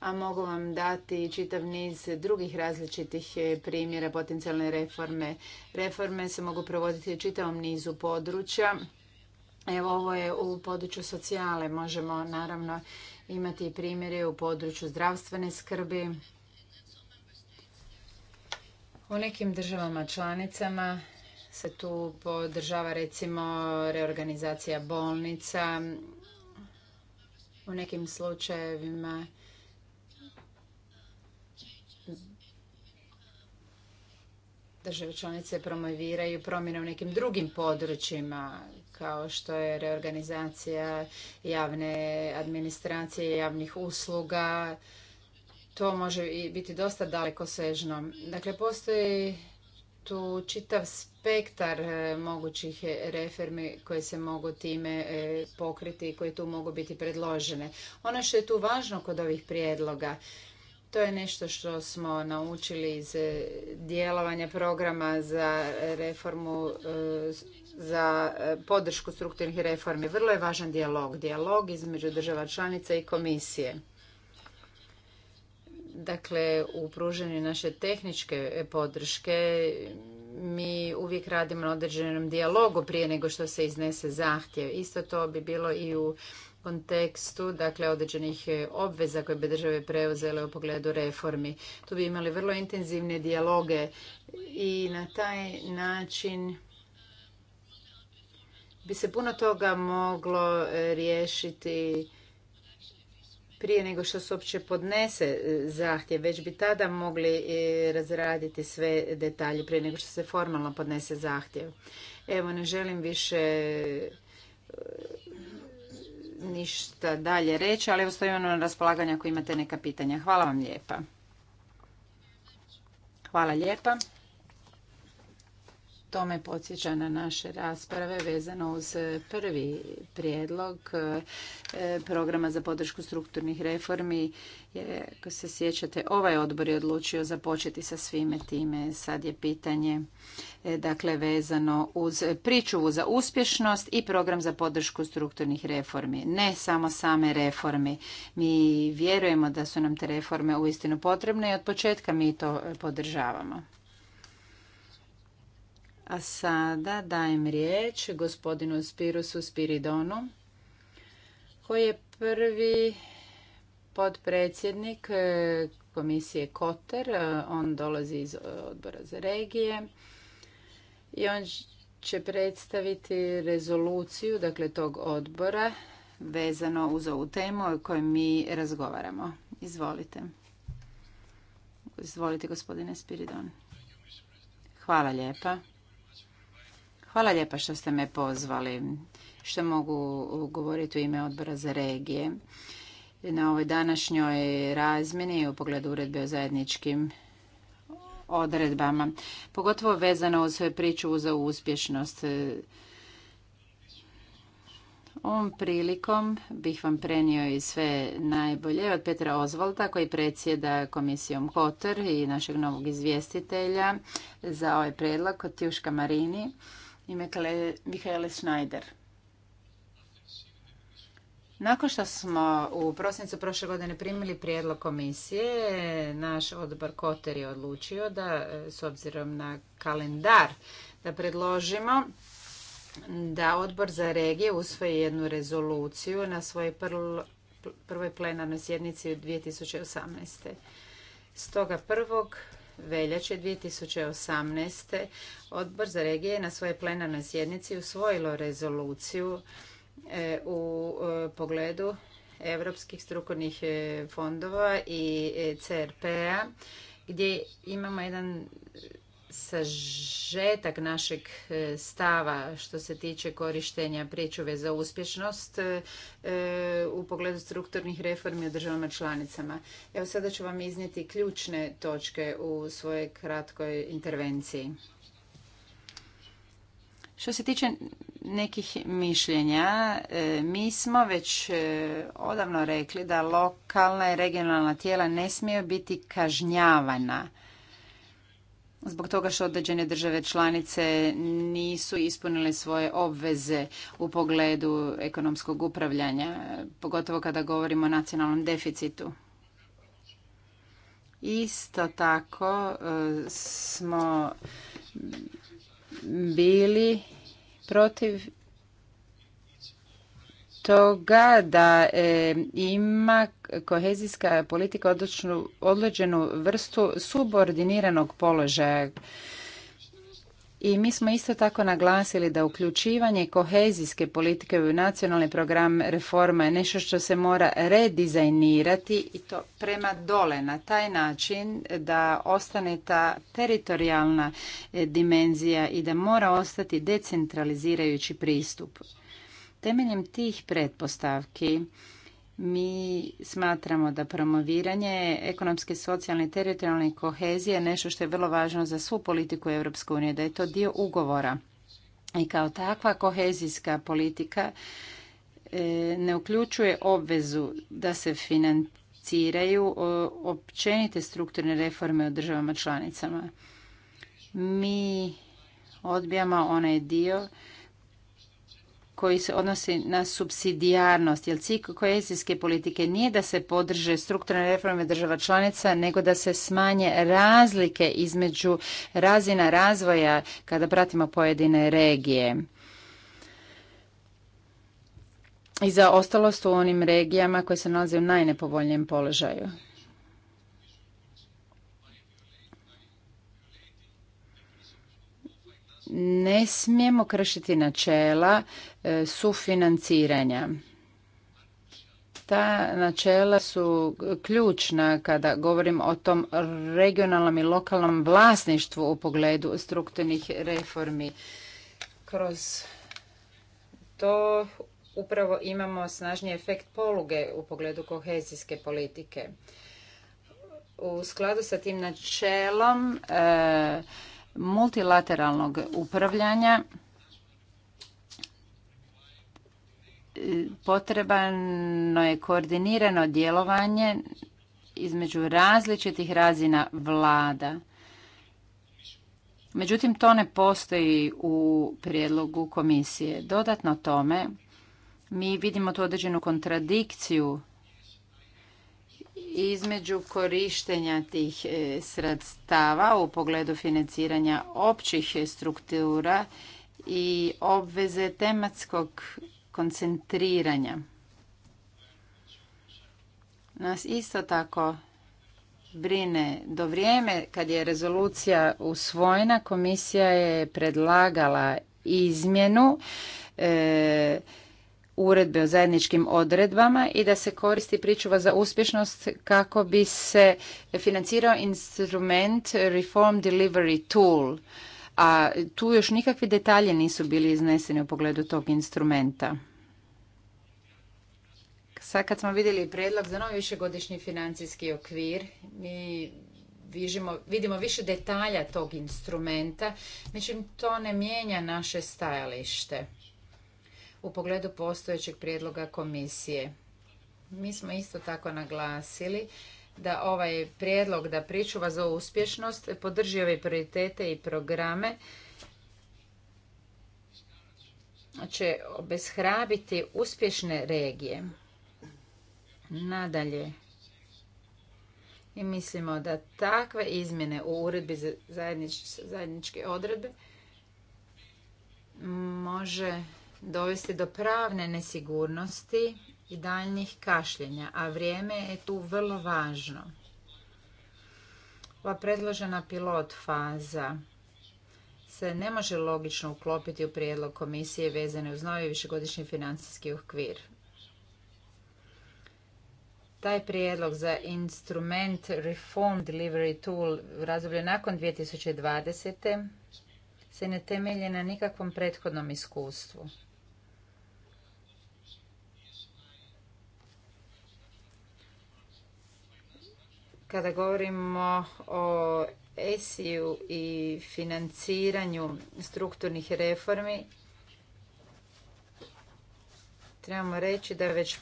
a mogu vam dati čitav niz drugih različitih e, primjera potencijalne reforme. Reforme se mogu provoditi u čitavom nizu područja. Evo ovo je u području socijale, možemo naravno imati primjere u području zdravstvene skrbi, u nekim državama članicama se tu podržava recimo reorganizacija bolnica. U nekim slučajevima države članice promoviraju promjene u nekim drugim područjima kao što je reorganizacija javne administracije, javnih usluga, to može i biti dosta daleko sežno. Dakle, postoji tu čitav spektar e, mogućih reformi koje se mogu time e, pokriti i koje tu mogu biti predložene. Ono što je tu važno kod ovih prijedloga, to je nešto što smo naučili iz e, djelovanja programa za reformu za podršku strukturnih reformi. Vrlo je važan dijalog, dijalog između država članica i komisije. Dakle, u pruženju naše tehničke podrške mi uvijek radimo na određenom dijalogu prije nego što se iznese zahtjev. Isto to bi bilo i u kontekstu dakle određenih obveza koje bi države preuzele u pogledu reformi. Tu bi imali vrlo intenzivne dijaloge i na taj način bi se puno toga moglo riješiti prije nego što se uopće podnese e, zahtjev, već bi tada mogli e, razraditi sve detalje prije nego što se formalno podnese zahtjev. Evo, ne želim više e, ništa dalje reći, ali evo stojimo na raspolaganju ako imate neka pitanja. Hvala vam lijepa. Hvala lijepa. To me podsjeća na naše rasprave vezano uz prvi prijedlog e, programa za podršku strukturnih reformi. ako se sjećate, ovaj odbor je odlučio započeti sa svime time. Sad je pitanje e, dakle, vezano uz pričuvu za uspješnost i program za podršku strukturnih reformi. Ne samo same reformi. Mi vjerujemo da su nam te reforme uistinu potrebne i od početka mi to podržavamo. A sada dajem riječ gospodinu Spirusu Spiridonu, koji je prvi podpredsjednik e, komisije Koter. E, on dolazi iz odbora za regije i on će predstaviti rezoluciju dakle, tog odbora vezano uz ovu temu o kojoj mi razgovaramo. Izvolite. Izvolite, gospodine Spiridon. Hvala lijepa. Hvala lijepa što ste me pozvali, što mogu govoriti u ime odbora za regije. Na ovoj današnjoj razmjeni u pogledu uredbe o zajedničkim odredbama, pogotovo vezano uz sve priču za uspješnost. Ovom prilikom bih vam prenio i sve najbolje od Petra Ozvolta koji predsjeda komisijom Kotor i našeg novog izvjestitelja za ovaj predlog od Tjuška Marini i Mihaele Schneider. Nakon što smo u prosincu prošle godine primili prijedlog komisije, naš odbor Koter je odlučio da, s obzirom na kalendar, da predložimo da odbor za regije usvoji jednu rezoluciju na svojoj prvoj plenarnoj sjednici u 2018. Stoga prvog veljače 2018. Odbor za regije na svojoj plenarnoj sjednici usvojilo rezoluciju e, u e, pogledu europskih strukovnih e, fondova i CRP-a gdje imamo jedan sažetak našeg e, stava što se tiče korištenja pričuve za uspješnost e, u pogledu strukturnih reformi u državama članicama. Evo sada ću vam iznijeti ključne točke u svojoj kratkoj intervenciji. Što se tiče nekih mišljenja, e, mi smo već odavno rekli da lokalna i regionalna tijela ne smiju biti kažnjavana zbog toga što određene države članice nisu ispunile svoje obveze u pogledu ekonomskog upravljanja, pogotovo kada govorimo o nacionalnom deficitu. Isto tako e, smo bili protiv toga da e, ima kohezijska politika odličnu, određenu vrstu subordiniranog položaja i mi smo isto tako naglasili da uključivanje kohezijske politike u nacionalni program reforma je nešto što se mora redizajnirati i to prema dole na taj način da ostane ta teritorijalna e, dimenzija i da mora ostati decentralizirajući pristup. Temeljem tih pretpostavki mi smatramo da promoviranje ekonomske, socijalne i teritorijalne kohezije je nešto što je vrlo važno za svu politiku Europske unije, da je to dio ugovora. I kao takva kohezijska politika e, ne uključuje obvezu da se financiraju općenite strukturne reforme u državama članicama. Mi odbijamo onaj dio koji se odnosi na subsidijarnost, jer cilj koezijske politike nije da se podrže strukturne reforme država članica, nego da se smanje razlike između razina razvoja kada pratimo pojedine regije. I za ostalost u onim regijama koje se nalaze u najnepovoljnijem položaju. Ne smijemo kršiti načela E, sufinanciranja. Ta načela su ključna kada govorim o tom regionalnom i lokalnom vlasništvu u pogledu strukturnih reformi. Kroz to upravo imamo snažni efekt poluge u pogledu kohezijske politike. U skladu sa tim načelom e, multilateralnog upravljanja potrebno je koordinirano djelovanje između različitih razina vlada. Međutim, to ne postoji u prijedlogu komisije. Dodatno tome, mi vidimo tu određenu kontradikciju između korištenja tih e, sredstava u pogledu financiranja općih struktura i obveze tematskog koncentriranja nas isto tako brine do vrijeme kad je rezolucija usvojena komisija je predlagala izmjenu e, uredbe o zajedničkim odredbama i da se koristi pričuva za uspješnost kako bi se financirao instrument Reform Delivery Tool a tu još nikakvi detalje nisu bili izneseni u pogledu tog instrumenta. Sad kad smo vidjeli predlog za novi višegodišnji financijski okvir, mi vidimo više detalja tog instrumenta, međutim to ne mijenja naše stajalište u pogledu postojećeg prijedloga komisije. Mi smo isto tako naglasili da ovaj prijedlog da pričuva za uspješnost podrži ove prioritete i programe će obeshrabiti uspješne regije. Nadalje, i mislimo da takve izmjene u uredbi za zajedničke odredbe može dovesti do pravne nesigurnosti i daljnjih kašljenja, a vrijeme je tu vrlo važno. Ova predložena pilot faza se ne može logično uklopiti u prijedlog komisije vezane uz novi višegodišnji financijski okvir. Taj prijedlog za instrument Reform Delivery Tool razdoblje nakon 2020. se ne temelji na nikakvom prethodnom iskustvu. Kada govorimo o ESI-u i financiranju strukturnih reformi, trebamo reći da već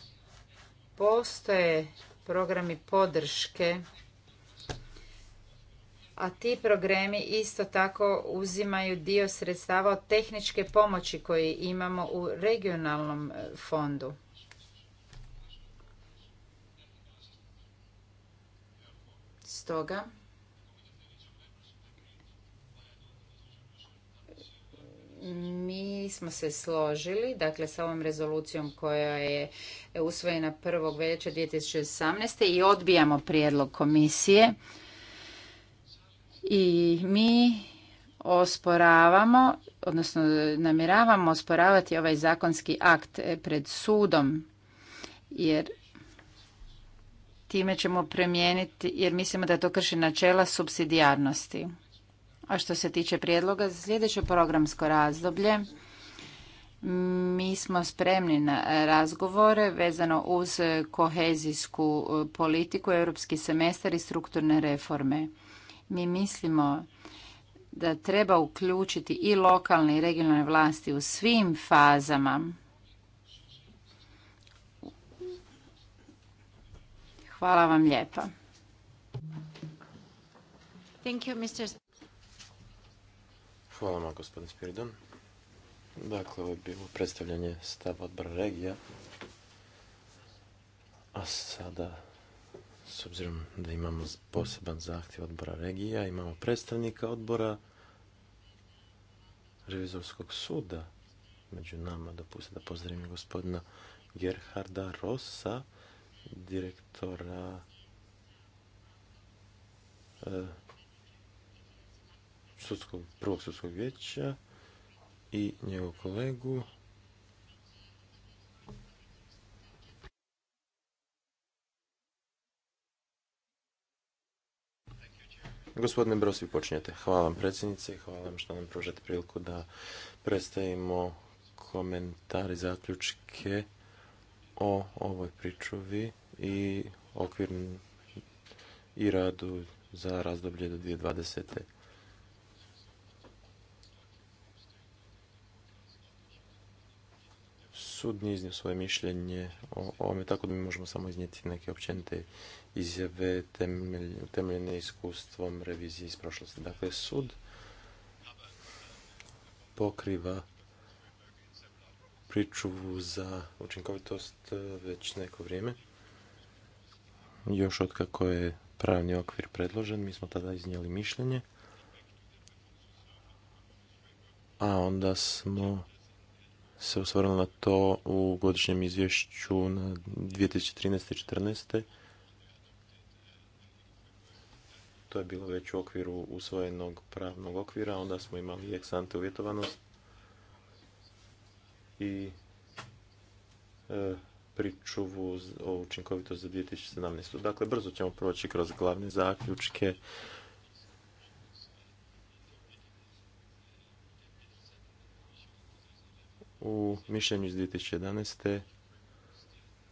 postoje programi podrške, a ti programi isto tako uzimaju dio sredstava od tehničke pomoći koji imamo u regionalnom fondu. Stoga, mi smo se složili, dakle sa ovom rezolucijom koja je usvojena 1. veljače 2018. i odbijamo prijedlog komisije. I mi osporavamo, odnosno namjeravamo osporavati ovaj zakonski akt pred sudom, jer time ćemo premijeniti jer mislimo da to krši načela subsidijarnosti. A što se tiče prijedloga za sljedeće programsko razdoblje, mi smo spremni na razgovore vezano uz kohezijsku e, politiku, europski semestar i strukturne reforme. Mi mislimo da treba uključiti i lokalne i regionalne vlasti u svim fazama Hvala vam lijepa. Hvala vam, gospodin Spiridon. Dakle, ovo je bilo predstavljanje stava odbora regija. A sada, s obzirom da imamo poseban zahtjev odbora regija, imamo predstavnika odbora revizorskog suda među nama. Dopustite da pozdravim gospodina Gerharda Rosa, direktora e, prvog sudskog vijeća i njegov kolegu Gospodine Brosi, počinjete. Hvala vam predsjednice i hvala vam što nam pružate priliku da predstavimo komentari, zaključke o ovoj pričuvi i okvir i radu za razdoblje do 2020. Sud nije iznio svoje mišljenje o ovome, tako da mi možemo samo iznijeti neke općenite izjave temeljene iskustvom revizije iz prošlosti. Dakle, sud pokriva pričuvu za učinkovitost eh, već neko vrijeme još kako je pravni okvir predložen, mi smo tada iznijeli mišljenje, a onda smo se osvrnuli na to u godišnjem izvješću na 2013. 2014. To je bilo već u okviru usvojenog pravnog okvira, onda smo imali eksante uvjetovanost i e, pričuvu o učinkovitosti za 2017. Dakle, brzo ćemo proći kroz glavne zaključke. U mišljenju iz 2011.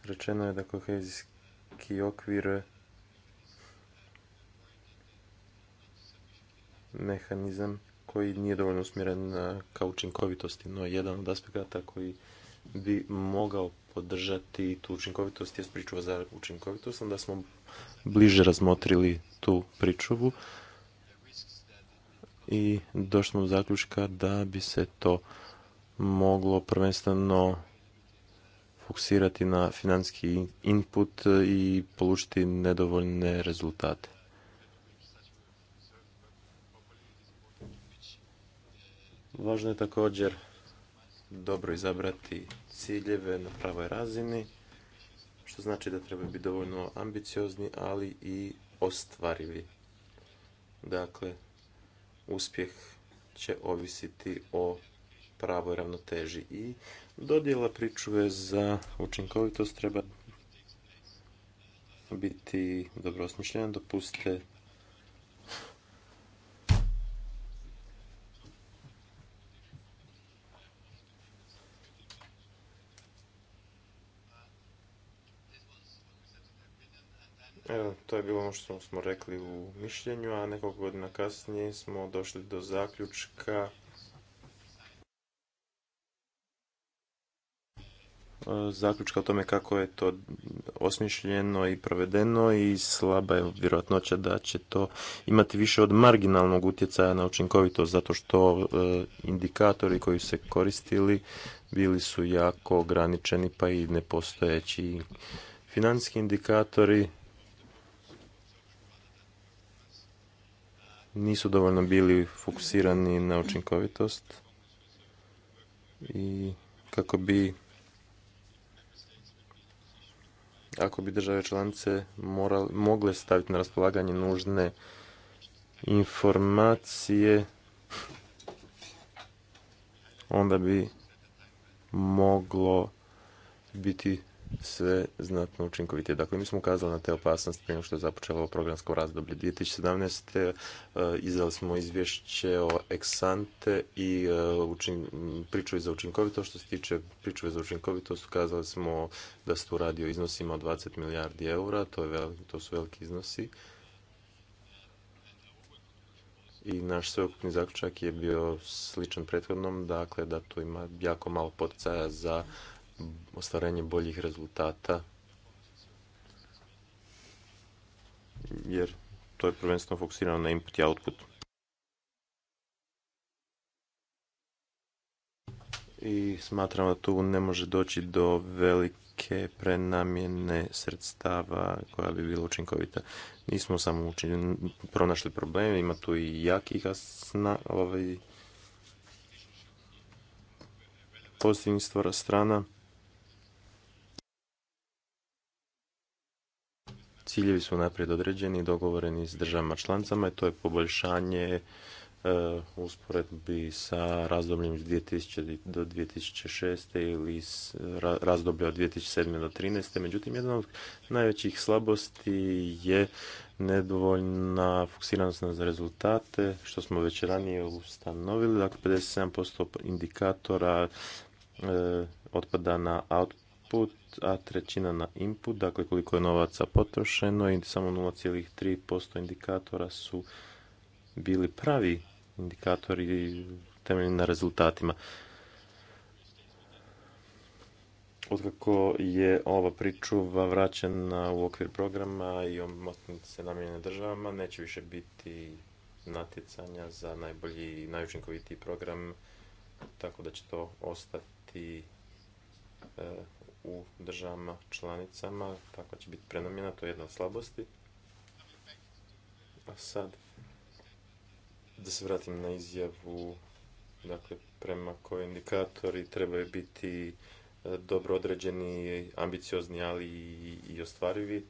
rečeno je da kohezijski okvir mehanizam koji nije dovoljno usmjeren ka učinkovitosti, no jedan od aspekata koji bi mogao podržati tu učinkovitost, jest pričuva za učinkovitost, onda smo bliže razmotrili tu pričuvu i došli smo do zaključka da bi se to moglo prvenstveno fokusirati na financijski input i polučiti nedovoljne rezultate. Važno je također dobro izabrati ciljeve na pravoj razini, što znači da treba biti dovoljno ambiciozni, ali i ostvarivi. Dakle, uspjeh će ovisiti o pravoj ravnoteži i dodjela pričuve za učinkovitost treba biti dobro osmišljena. Dopustite To je bilo ono što smo rekli u mišljenju, a nekoliko godina kasnije smo došli do zaključka zaključka o tome kako je to osmišljeno i provedeno i slaba je vjerojatnoća da će to imati više od marginalnog utjecaja na učinkovitost zato što e, indikatori koji se koristili bili su jako ograničeni pa i nepostojeći financijski indikatori nisu dovoljno bili fokusirani na učinkovitost i kako bi ako bi države članice mogle staviti na raspolaganje nužne informacije onda bi moglo biti sve znatno učinkovitije. Dakle, mi smo ukazali na te opasnosti prije što je započelo programsko razdoblje. 2017. E, izdali smo izvješće o eksante i e, učin, pričuvi za učinkovitost. Što se tiče pričuve za učinkovitost, ukazali smo da se tu radi o iznosima od 20 milijardi eura. To, je to su veliki iznosi. I naš sveukupni zaključak je bio sličan prethodnom, dakle da tu ima jako malo poticaja za ostvarenje boljih rezultata, jer to je prvenstveno fokusirano na input i output. I smatram da tu ne može doći do velike prenamjene sredstava koja bi bila učinkovita. Nismo samo pronašli probleme, ima tu i jakih asna, ovaj, pozitivnih strana. Ciljevi su naprijed određeni i dogovoreni s državama članicama i to je poboljšanje e, u usporedbi sa razdobljem iz 2000 do 2006. ili iz razdoblja od 2007. do 2013. Međutim, jedna od najvećih slabosti je nedovoljna fokusiranost na rezultate, što smo već ranije ustanovili. Dakle, 57% indikatora e, otpada na output, a trećina na input, dakle koliko je novaca potrošeno i samo 0,3% indikatora su bili pravi indikatori temeljni na rezultatima. kako je ova pričuva vraćena u okvir programa i omotnice namjenjene državama, neće više biti natjecanja za najbolji i najučinkovitiji program, tako da će to ostati e, u državama članicama, tako će biti prenomjena, to je jedna od slabosti. A sad, da se vratim na izjavu, dakle, prema kojoj indikatori trebaju biti e, dobro određeni, ambiciozni, ali i ostvarivi.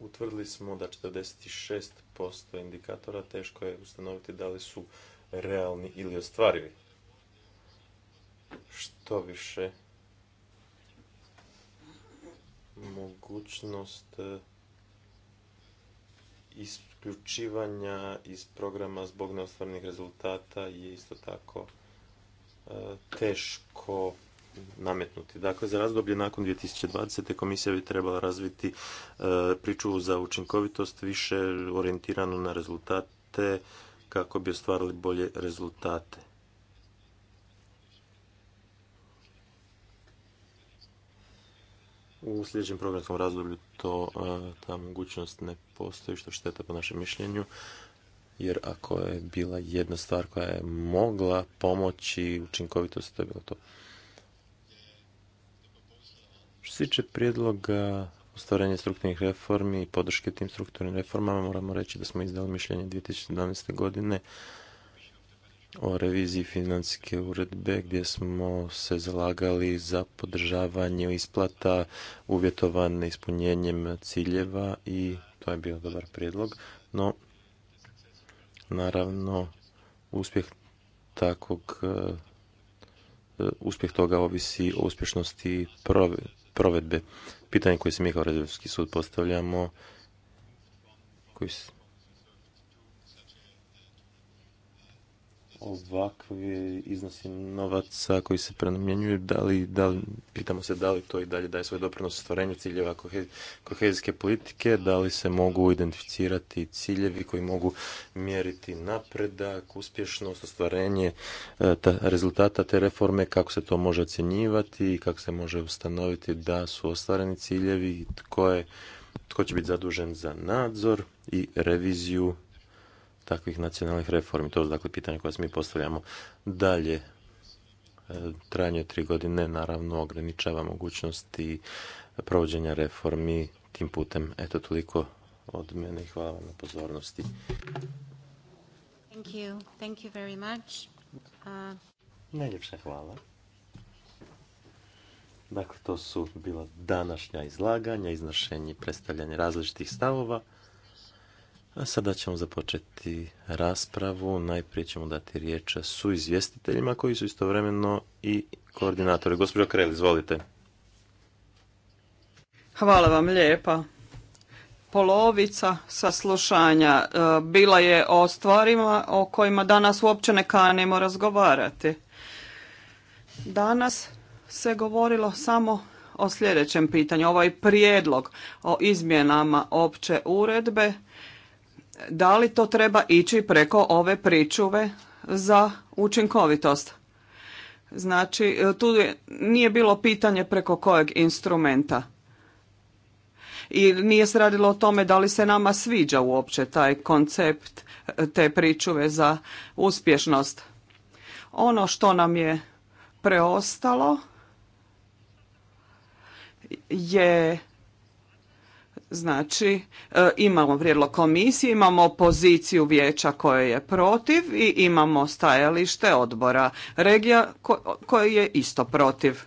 Utvrdili smo da 46% indikatora teško je ustanoviti da li su realni ili ostvarivi što više mogućnost e, isključivanja iz programa zbog neostvarnih rezultata je isto tako e, teško nametnuti. Dakle, za razdoblje nakon 2020. komisija bi trebala razviti e, priču za učinkovitost više orijentiranu na rezultate kako bi ostvarili bolje rezultate. u sljedećem programskom razdoblju to e, ta mogućnost ne postoji što šteta po našem mišljenju jer ako je bila jedna stvar koja je mogla pomoći učinkovitosti, to je bilo to. Što se tiče prijedloga ostvarenja strukturnih reformi i podrške tim strukturnim reformama, moramo reći da smo izdali mišljenje 2017. godine o reviziji financijske uredbe gdje smo se zalagali za podržavanje isplata uvjetovane ispunjenjem ciljeva i to je bio dobar prijedlog. No, naravno, uspjeh takvog eh, uspjeh toga ovisi o uspješnosti provedbe. Pitanje koje se mi kao Rezervski sud postavljamo, koji ovakvi iznosi novaca koji se prenamjenjuju, da li, da li, pitamo se da li to i dalje daje svoj doprinos ostvarenju ciljeva kohezijske politike, da li se mogu identificirati ciljevi koji mogu mjeriti napredak, uspješnost, ostvarenje e, ta, rezultata te reforme, kako se to može ocjenjivati i kako se može ustanoviti da su ostvareni ciljevi, tko, je, tko će biti zadužen za nadzor i reviziju takvih nacionalnih reformi. To je dakle pitanja koja mi postavljamo dalje. E, trajanje tri godine naravno ograničava mogućnosti provođenja reformi tim putem. Eto toliko od mene i hvala na pozornosti. Thank you. Thank you very much. Uh, Najljepša hvala. Dakle, to su bila današnja izlaganja, iznošenje i predstavljanje različitih stavova. A sada ćemo započeti raspravu. Najprije ćemo dati riječ su izvjestiteljima koji su istovremeno i koordinatori. Gospođo Krel, izvolite. Hvala vam lijepa. Polovica saslušanja e, bila je o stvarima o kojima danas uopće ne kanimo razgovarati. Danas se govorilo samo o sljedećem pitanju. Ovaj prijedlog o izmjenama opće uredbe da li to treba ići preko ove pričuve za učinkovitost. Znači, tu je, nije bilo pitanje preko kojeg instrumenta. I nije se radilo o tome da li se nama sviđa uopće taj koncept te pričuve za uspješnost. Ono što nam je preostalo je Znači, e, imamo prijedlog komisije, imamo poziciju vijeća koje je protiv i imamo stajalište odbora regija koje je isto protiv.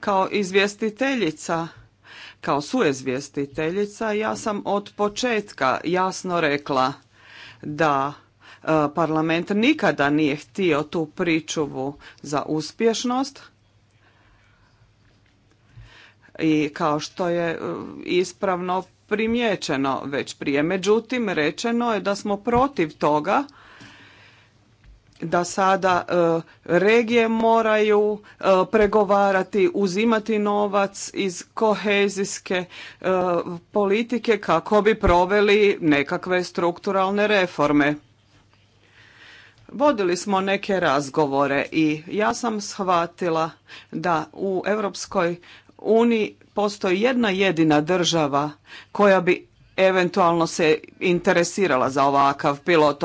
Kao izvjestiteljica, kao suezvjestiteljica, ja sam od početka jasno rekla da e, parlament nikada nije htio tu pričuvu za uspješnost, i kao što je e, ispravno primijećeno već prije. Međutim, rečeno je da smo protiv toga da sada e, regije moraju e, pregovarati, uzimati novac iz kohezijske politike kako bi proveli nekakve strukturalne reforme. Vodili smo neke razgovore i ja sam shvatila da u Europskoj Uniji postoji jedna jedina država koja bi eventualno se interesirala za ovakav pilot,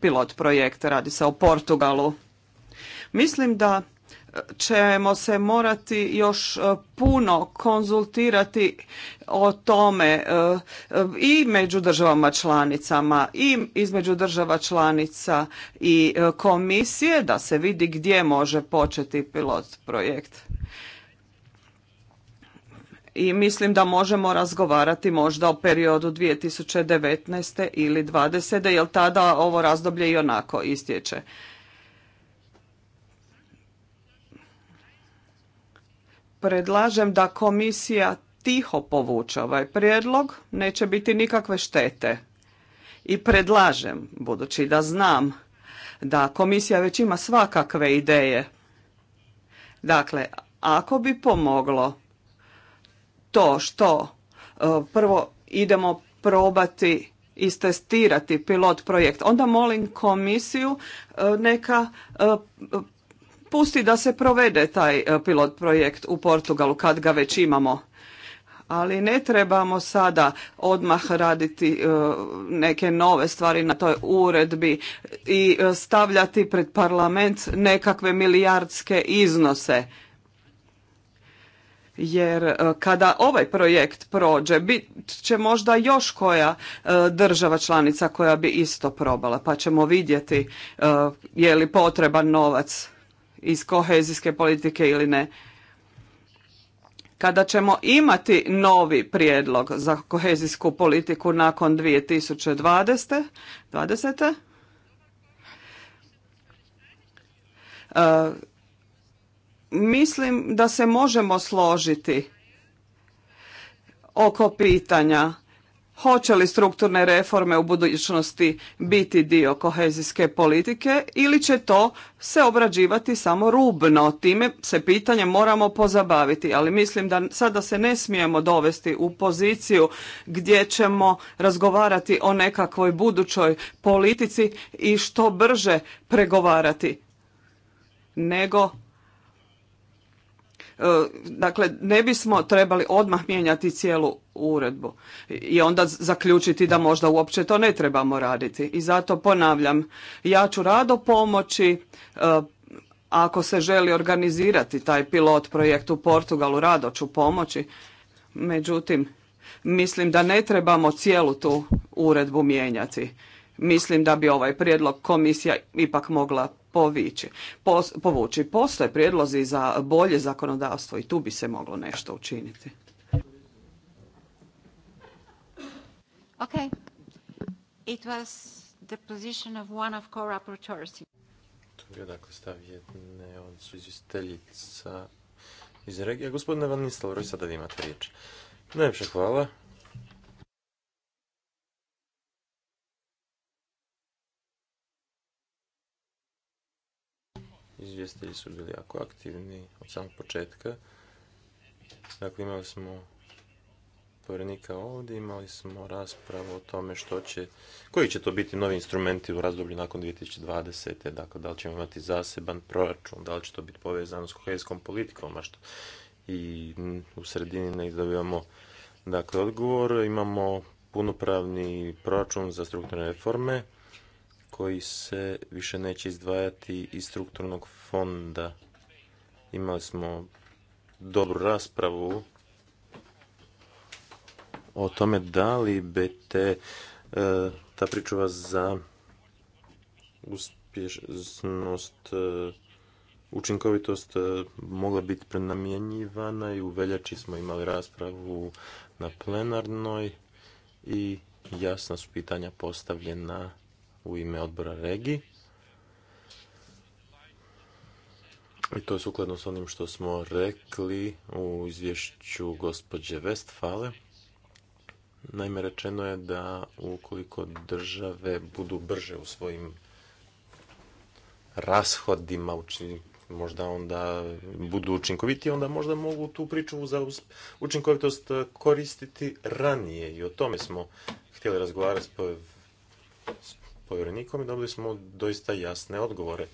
pilot projekt, radi se o Portugalu. Mislim da ćemo se morati još e, puno konzultirati o tome e, i među državama članicama i između država članica i e, komisije da se vidi gdje može početi pilot projekt i mislim da možemo razgovarati možda o periodu 2019. ili 2020. jer tada ovo razdoblje i onako istječe. Predlažem da komisija tiho povuče ovaj prijedlog, neće biti nikakve štete. I predlažem, budući da znam da komisija već ima svakakve ideje. Dakle, ako bi pomoglo to što e, prvo idemo probati istestirati pilot projekt, onda molim komisiju e, neka e, pusti da se provede taj pilot projekt u Portugalu kad ga već imamo. Ali ne trebamo sada odmah raditi neke nove stvari na toj uredbi i stavljati pred parlament nekakve milijardske iznose jer e, kada ovaj projekt prođe, bit će možda još koja e, država članica koja bi isto probala, pa ćemo vidjeti e, je li potreban novac iz kohezijske politike ili ne. Kada ćemo imati novi prijedlog za kohezijsku politiku nakon 2020. 20. Mislim da se možemo složiti oko pitanja hoće li strukturne reforme u budućnosti biti dio kohezijske politike ili će to se obrađivati samo rubno. Time se pitanje moramo pozabaviti, ali mislim da sada se ne smijemo dovesti u poziciju gdje ćemo razgovarati o nekakvoj budućoj politici i što brže pregovarati nego Dakle, ne bismo trebali odmah mijenjati cijelu uredbu i onda zaključiti da možda uopće to ne trebamo raditi. I zato ponavljam, ja ću rado pomoći e, ako se želi organizirati taj pilot projekt u Portugalu, rado ću pomoći. Međutim, mislim da ne trebamo cijelu tu uredbu mijenjati. Mislim da bi ovaj prijedlog komisija ipak mogla povići, povući. Postoje prijedlozi za bolje zakonodavstvo i tu bi se moglo nešto učiniti. Okay. It was the position of one of co-rapporteurs. To je dakle stav jedne od suizvjestiteljica iz regija. Gospodine Van Nistelroj, sada imate riječ. hvala. Izvjestitelji su bili jako aktivni od samog početka. Dakle, imali smo povjerenika ovdje, imali smo raspravu o tome što će, koji će to biti novi instrumenti u razdoblju nakon 2020. Dakle, da li ćemo imati zaseban proračun, da li će to biti povezano s kohezijskom politikom, a što i u sredini ne dobivamo dakle, odgovor. Imamo punopravni proračun za strukturne reforme koji se više neće izdvajati iz strukturnog fonda. Imali smo dobru raspravu o tome da li te e, ta pričuva za uspješnost e, učinkovitost e, mogla biti prenamjenjivana i u veljači smo imali raspravu na plenarnoj i jasna su pitanja postavljena u ime odbora Regi. I to je sukladno s onim što smo rekli u izvješću gospođe Vestfale. Naime, rečeno je da ukoliko države budu brže u svojim rashodima, možda onda budu učinkoviti, onda možda mogu tu priču za učinkovitost e, koristiti ranije. I o tome smo htjeli razgovarati s povjerenikom i dobili smo doista jasne odgovore.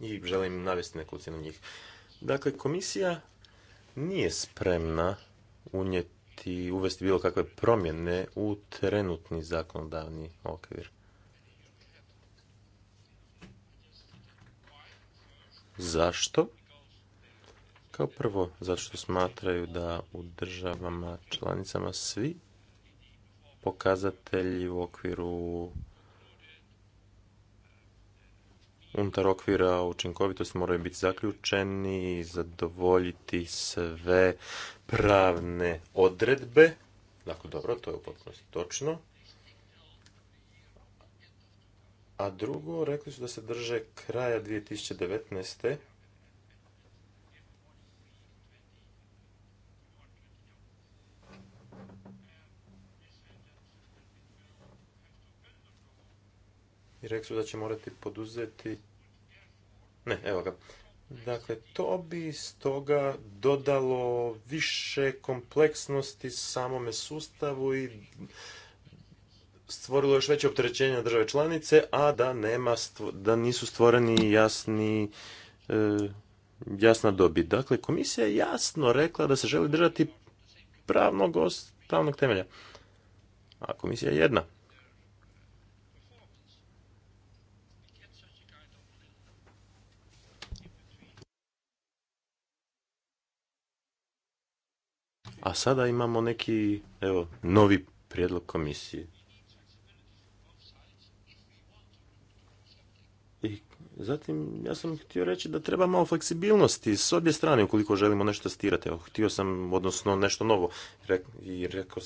I želim navesti nekolicinu njih. Dakle, komisija nije spremna unijeti, uvesti bilo kakve promjene u trenutni zakonodavni okvir. Zašto? Kao prvo, zato što smatraju da u državama članicama svi pokazatelji u okviru unutar okvira učinkovitosti moraju biti zaključeni i zadovoljiti sve pravne odredbe. Dakle, dobro, to je u potpunosti točno. A drugo, rekli su da se drže kraja 2019. rekli su da će morati poduzeti... Ne, evo ga. Dakle, to bi stoga dodalo više kompleksnosti samome sustavu i stvorilo još veće opterećenje na države članice, a da nema, da nisu stvoreni jasni e, jasna dobit. Dakle, komisija je jasno rekla da se želi držati pravnog, pravnog temelja. A komisija je jedna. A sada imamo neki, evo, novi prijedlog komisije. I zatim, ja sam htio reći da treba malo fleksibilnosti s obje strane ukoliko želimo nešto stirati. Evo, htio sam, odnosno, nešto novo. I rekao,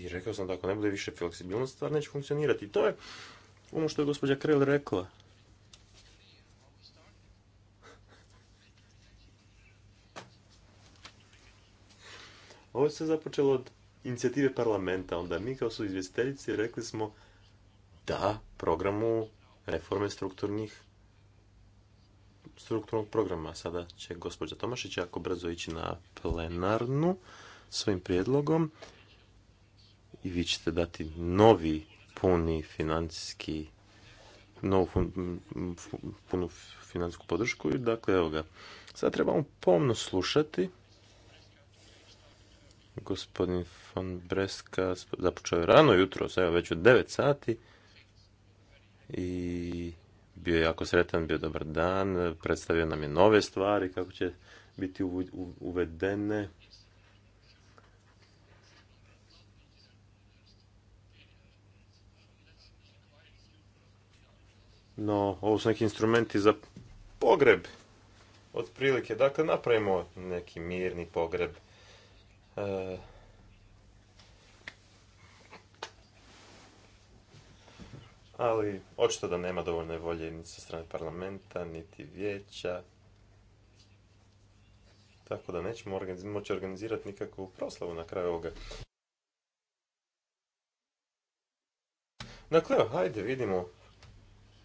I rekao sam da ako ne bude više fleksibilnosti, stvar neće funkcionirati. I to je ono što je gospođa Krell rekla. Ovo se započelo od inicijative parlamenta, onda mi kao su izvjestiteljici rekli smo da programu reforme strukturnih strukturnog programa. Sada će gospođa Tomašić jako brzo ići na plenarnu svojim prijedlogom i vi ćete dati novi puni financijski novu punu financijsku podršku i dakle evo ga. Sad trebamo pomno slušati Gospodin von Breska započeo je rano jutro, evo već u 9 sati i bio je jako sretan, bio dobar dan, predstavio nam je nove stvari, kako će biti uvedene. No, ovo su neki instrumenti za pogreb, otprilike, dakle napravimo neki mirni pogreb. E, ali očito da nema dovoljne volje ni sa strane parlamenta, niti vijeća. Tako da nećemo moći organizirati nikakvu proslavu na kraju ovoga. Dakle, hajde vidimo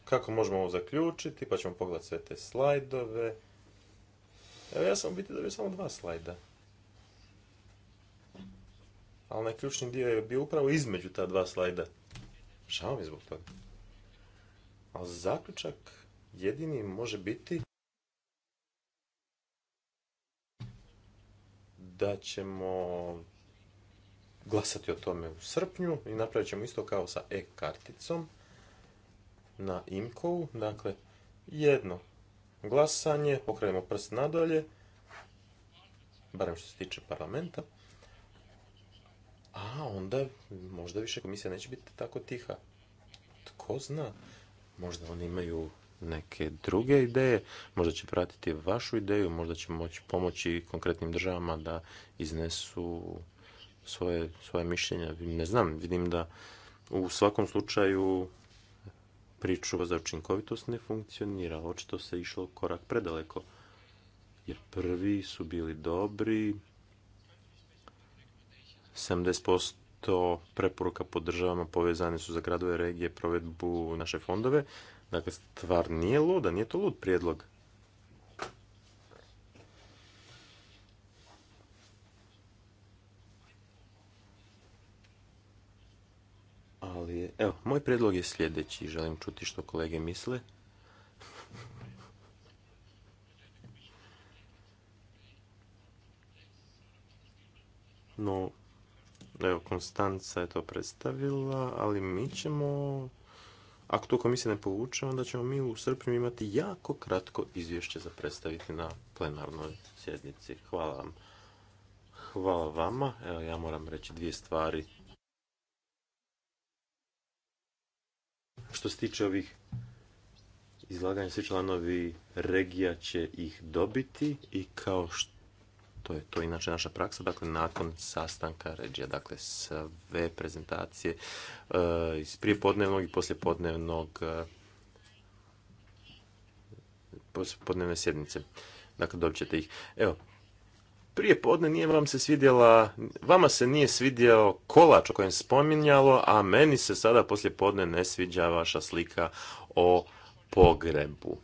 kako možemo ovo zaključiti, pa ćemo pogledati sve te slajdove. Evo ja sam u biti dobio samo dva slajda ali onaj dio je bio upravo između ta dva slajda. Šao mi zbog toga. Ali zaključak jedini može biti da ćemo glasati o tome u srpnju i napravit ćemo isto kao sa e-karticom na imkovu. Dakle, jedno glasanje, pokrajemo prst nadalje, barem što se tiče parlamenta, a onda možda više komisija neće biti tako tiha. Tko zna, možda oni imaju neke druge ideje, možda će pratiti vašu ideju, možda će moći pomoći konkretnim državama da iznesu svoje, svoje mišljenja. Ne znam, vidim da u svakom slučaju pričuva za učinkovitost ne funkcionira. Očito se išlo korak predaleko. Jer prvi su bili dobri, 70% preporuka po državama povezane su za gradove regije provedbu naše fondove. Dakle, stvar nije luda, nije to lud prijedlog. Ali, evo, moj prijedlog je sljedeći. Želim čuti što kolege misle. No, Evo, Konstanca je to predstavila, ali mi ćemo... Ako to komisija ne povuče, onda ćemo mi u srpnju imati jako kratko izvješće za predstaviti na plenarnoj sjednici. Hvala vam. Hvala vama. Evo, ja moram reći dvije stvari. Što se tiče ovih izlaganja, svi članovi regija će ih dobiti i kao što to je to inače naša praksa, dakle nakon sastanka ređija, dakle sve prezentacije eh, iz prije podnevnog i poslije podnevnog eh, podnevne sjednice. Dakle, dobit ćete ih. Evo, prije podne nije vam se svidjela, vama se nije svidjeo kolač o kojem se spominjalo, a meni se sada poslije podne ne sviđa vaša slika o pogrebu.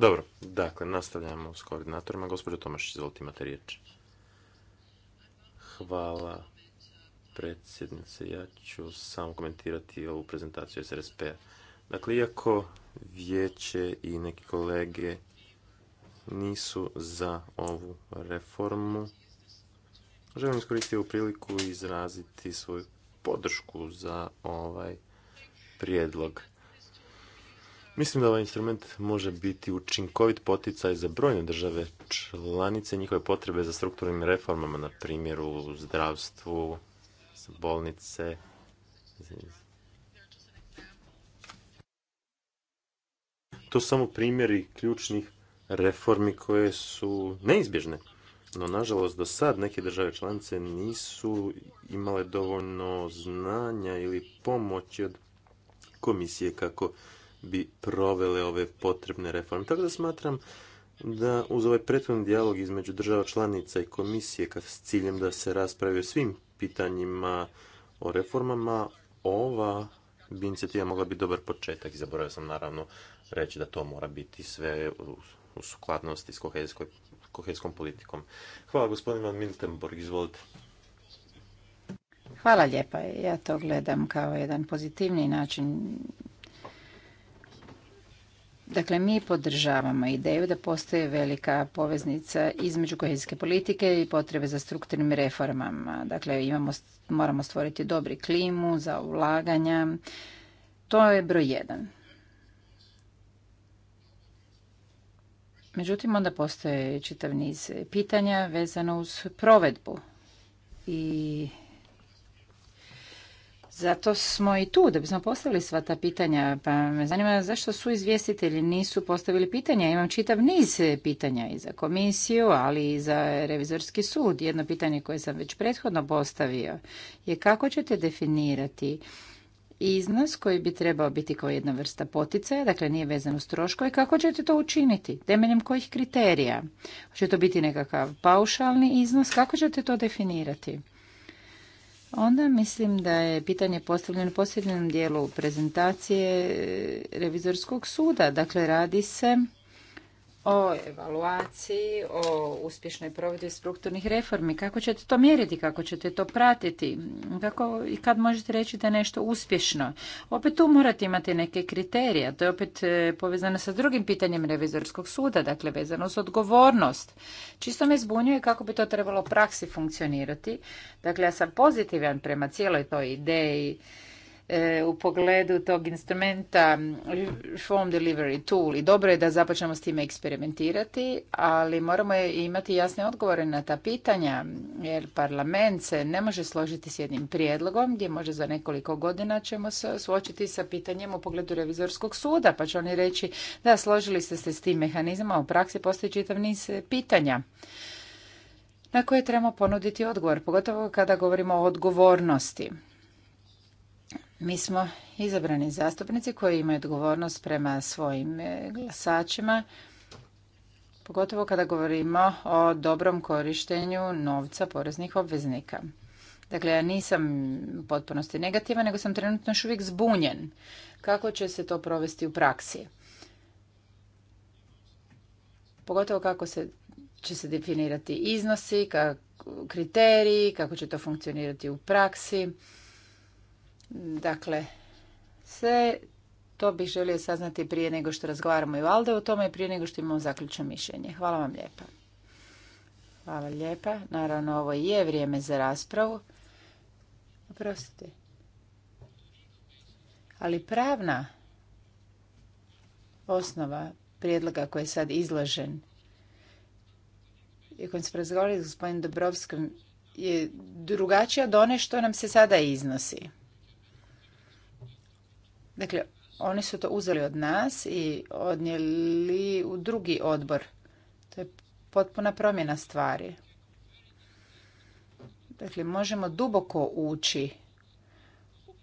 Dobro, dakle, nastavljamo s koordinatorima. Gospođo Tomašić, izvolite, imate riječ. Hvala, predsjednice. Ja ću samo komentirati ovu prezentaciju SRSP-a. Dakle, iako vijeće i neki kolege nisu za ovu reformu, želim iskoristiti ovu priliku i izraziti svoju podršku za ovaj prijedlog. Mislim da ovaj instrument može biti učinkovit poticaj za brojne države članice, njihove potrebe za strukturnim reformama, na primjeru u zdravstvu, bolnice. To su samo primjeri ključnih reformi koje su neizbježne. No, nažalost, do sad neke države članice nisu imale dovoljno znanja ili pomoći od komisije kako bi provele ove potrebne reforme. Tako da smatram da uz ovaj prethodni dijalog između država članica i komisije s ciljem da se raspravi o svim pitanjima o reformama, ova bi inicijativa mogla biti dobar početak. Zaboravio sam naravno reći da to mora biti sve u sukladnosti s kohezijskom politikom. Hvala gospodin Miltenborg, izvolite. Hvala lijepa. Ja to gledam kao jedan pozitivni način Dakle, mi podržavamo ideju da postoji velika poveznica između kohezijske politike i potrebe za strukturnim reformama. Dakle, imamo, moramo stvoriti dobri klimu za ulaganja. To je broj jedan. Međutim, onda postoje čitav niz pitanja vezano uz provedbu i zato smo i tu da bismo postavili sva ta pitanja. Pa me zanima zašto su izvjestitelji nisu postavili pitanja. Imam čitav niz pitanja i za komisiju, ali i za revizorski sud. Jedno pitanje koje sam već prethodno postavio je kako ćete definirati iznos koji bi trebao biti kao jedna vrsta poticaja, dakle nije vezan uz troškove, kako ćete to učiniti? Temeljem kojih kriterija? Hoće to biti nekakav paušalni iznos? Kako ćete to definirati? Onda mislim da je pitanje postavljeno u posljednjem dijelu prezentacije revizorskog suda. Dakle, radi se o evaluaciji, o uspješnoj provedbi strukturnih reformi. Kako ćete to mjeriti, kako ćete to pratiti, kako i kad možete reći da je nešto uspješno. Opet tu morate imati neke kriterije, to je opet e, povezano sa drugim pitanjem revizorskog suda, dakle vezano s odgovornost. Čisto me zbunjuje kako bi to trebalo u praksi funkcionirati. Dakle, ja sam pozitivan prema cijeloj toj ideji E, u pogledu tog instrumenta form delivery tool i dobro je da započnemo s time eksperimentirati, ali moramo imati jasne odgovore na ta pitanja jer parlament se ne može složiti s jednim prijedlogom gdje može za nekoliko godina ćemo se suočiti sa pitanjem u pogledu revizorskog suda pa će oni reći da složili ste se s tim mehanizmima, u praksi postoji čitav niz pitanja na koje trebamo ponuditi odgovor, pogotovo kada govorimo o odgovornosti. Mi smo izabrani zastupnici koji imaju odgovornost prema svojim e, glasačima, pogotovo kada govorimo o dobrom korištenju novca poreznih obveznika. Dakle, ja nisam u potpunosti negativa, nego sam trenutno još uvijek zbunjen kako će se to provesti u praksi. Pogotovo kako se, će se definirati iznosi, kak, kriteriji, kako će to funkcionirati u praksi. Dakle, sve to bih želio saznati prije nego što razgovaramo i valde o tome i prije nego što imamo zaključno mišljenje. Hvala vam lijepa. Hvala lijepa. Naravno, ovo je vrijeme za raspravu. Oprostite. Ali pravna osnova prijedloga koji je sad izložen i o kojem smo razgovarali s gospodinom Dobrovskim je drugačija od one što nam se sada iznosi. Dakle, oni su to uzeli od nas i odnijeli u drugi odbor. To je potpuna promjena stvari. Dakle, možemo duboko ući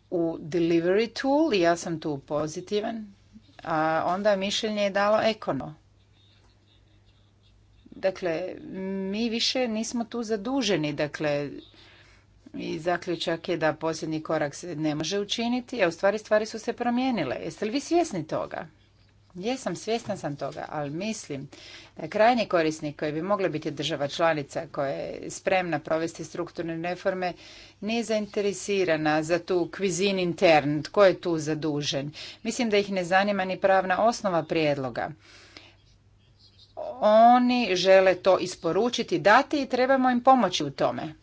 u delivery tool, ja sam tu pozitivan, a onda mišljenje je dalo ekono. Dakle, mi više nismo tu zaduženi, dakle, i zaključak je da posljednji korak se ne može učiniti, a u stvari stvari su se promijenile. Jeste li vi svjesni toga? Jesam, svjesna sam toga, ali mislim da krajnji korisnik koji bi mogla biti država članica koja je spremna provesti strukturne reforme nije zainteresirana za tu kvizin intern, tko je tu zadužen. Mislim da ih ne zanima ni pravna osnova prijedloga. Oni žele to isporučiti, dati i trebamo im pomoći u tome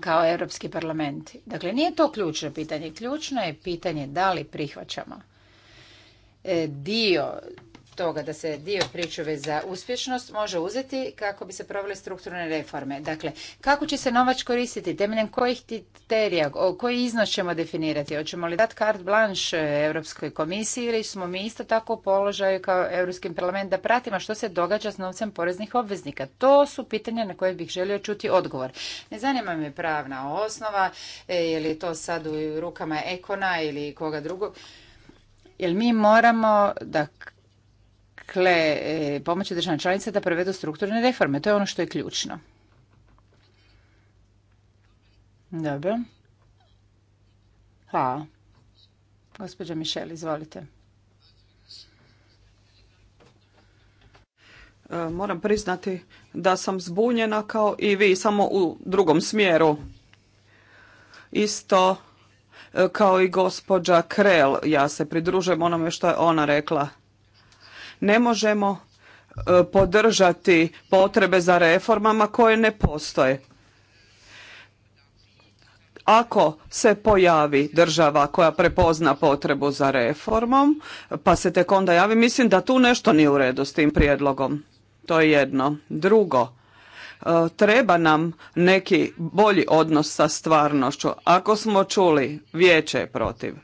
kao Europski parlamenti. Dakle, nije to ključno pitanje. Ključno je pitanje da li prihvaćamo e, dio toga da se dio pričuve za uspješnost može uzeti kako bi se provele strukturne reforme. Dakle, kako će se novac koristiti, temeljem kojih kriterija, koji iznos ćemo definirati, hoćemo li dati carte blanche Europskoj komisiji ili smo mi isto tako u položaju kao Europski parlament da pratimo što se događa s novcem poreznih obveznika. To su pitanja na koje bih želio čuti odgovor. Ne zanima me pravna osnova, e, je li to sad u rukama Ekona ili koga drugog, jer mi moramo da Dakle, e, pomoći državne članice da prevedu strukturne reforme. To je ono što je ključno. Dobro. Ha. Gospođa Mišel, izvolite. E, moram priznati da sam zbunjena kao i vi, samo u drugom smjeru. Isto e, kao i gospođa Krel, ja se pridružujem onome što je ona rekla. Ne možemo e, podržati potrebe za reformama koje ne postoje. Ako se pojavi država koja prepozna potrebu za reformom, pa se tek onda javi, mislim da tu nešto nije u redu s tim prijedlogom. To je jedno. Drugo, e, treba nam neki bolji odnos sa stvarnošću. Ako smo čuli, vijeće je protiv.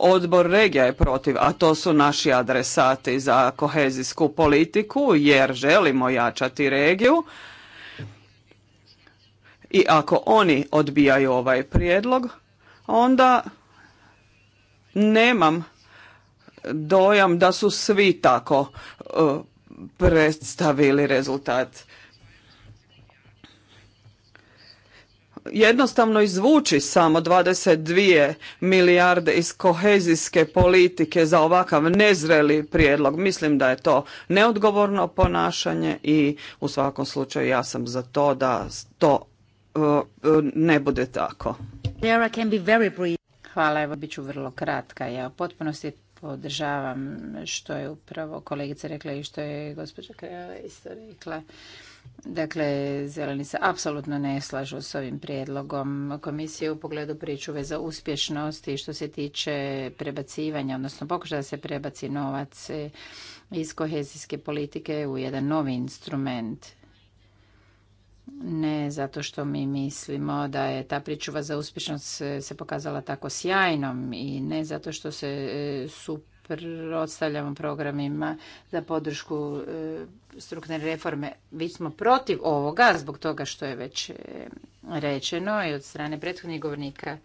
Odbor regija je protiv, a to su naši adresati za kohezijsku politiku jer želimo jačati regiju. I ako oni odbijaju ovaj prijedlog, onda nemam dojam da su svi tako e, predstavili rezultat jednostavno izvući samo 22 milijarde iz kohezijske politike za ovakav nezreli prijedlog. Mislim da je to neodgovorno ponašanje i u svakom slučaju ja sam za to da to e, e, ne bude tako. Hvala, evo bit ću vrlo kratka. Ja u potpunosti podržavam što je upravo kolegica rekla i što je gospođa Krajeva isto rekla. Dakle, zeleni se apsolutno ne slažu s ovim prijedlogom komisije u pogledu pričuve za uspješnost i što se tiče prebacivanja, odnosno pokušaja da se prebaci novac iz kohezijske politike u jedan novi instrument. Ne zato što mi mislimo da je ta pričuva za uspješnost se pokazala tako sjajnom i ne zato što se e, su prostavljamo programima za podršku e, strukturne reforme. Vi smo protiv ovoga zbog toga što je već e, rečeno i od strane prethodnih govornika.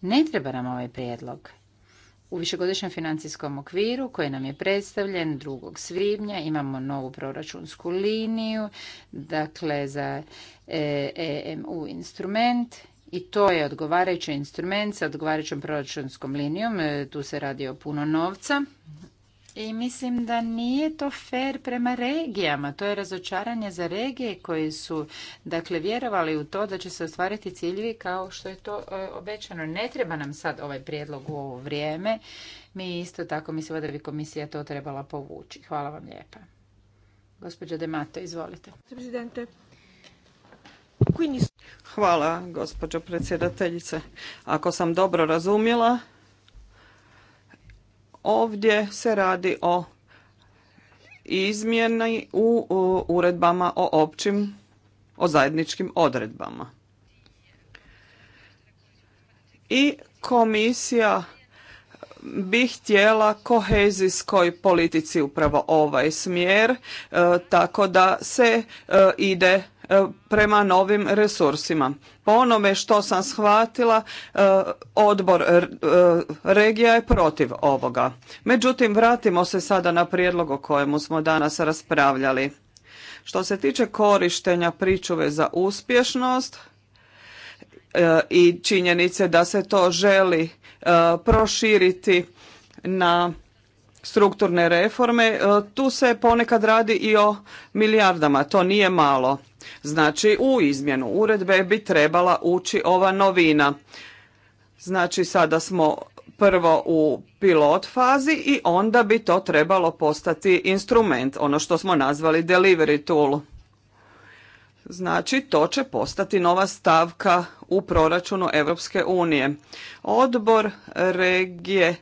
Ne treba nam ovaj prijedlog. U višegodišnjem financijskom okviru koji nam je predstavljen 2. svibnja imamo novu proračunsku liniju, dakle za EMU e instrument i to je odgovarajući instrument sa odgovarajućom proračunskom linijom. E, tu se radi o puno novca. I mislim da nije to fair prema regijama. To je razočaranje za regije koji su dakle vjerovali u to da će se ostvariti ciljevi kao što je to e, obećano. Ne treba nam sad ovaj prijedlog u ovo vrijeme. Mi isto tako mislimo da bi komisija to trebala povući. Hvala vam lijepa. Gospođa Demato, izvolite. Hvala, gospođo predsjedateljice. Ako sam dobro razumjela, ovdje se radi o izmjeni u uredbama o općim, o zajedničkim odredbama. I komisija bi htjela kohezijskoj politici upravo ovaj smjer, e, tako da se e, ide E, prema novim resursima. Po onome što sam shvatila, e, odbor e, regija je protiv ovoga. Međutim, vratimo se sada na prijedlog o kojemu smo danas raspravljali. Što se tiče korištenja pričuve za uspješnost i činjenice da se to želi proširiti na strukturne reforme, tu se ponekad radi i o milijardama, to nije malo. Znači u izmjenu uredbe bi trebala ući ova novina. Znači sada smo prvo u pilot fazi i onda bi to trebalo postati instrument, ono što smo nazvali delivery tool. Znači to će postati nova stavka u proračunu Europske unije. Odbor regije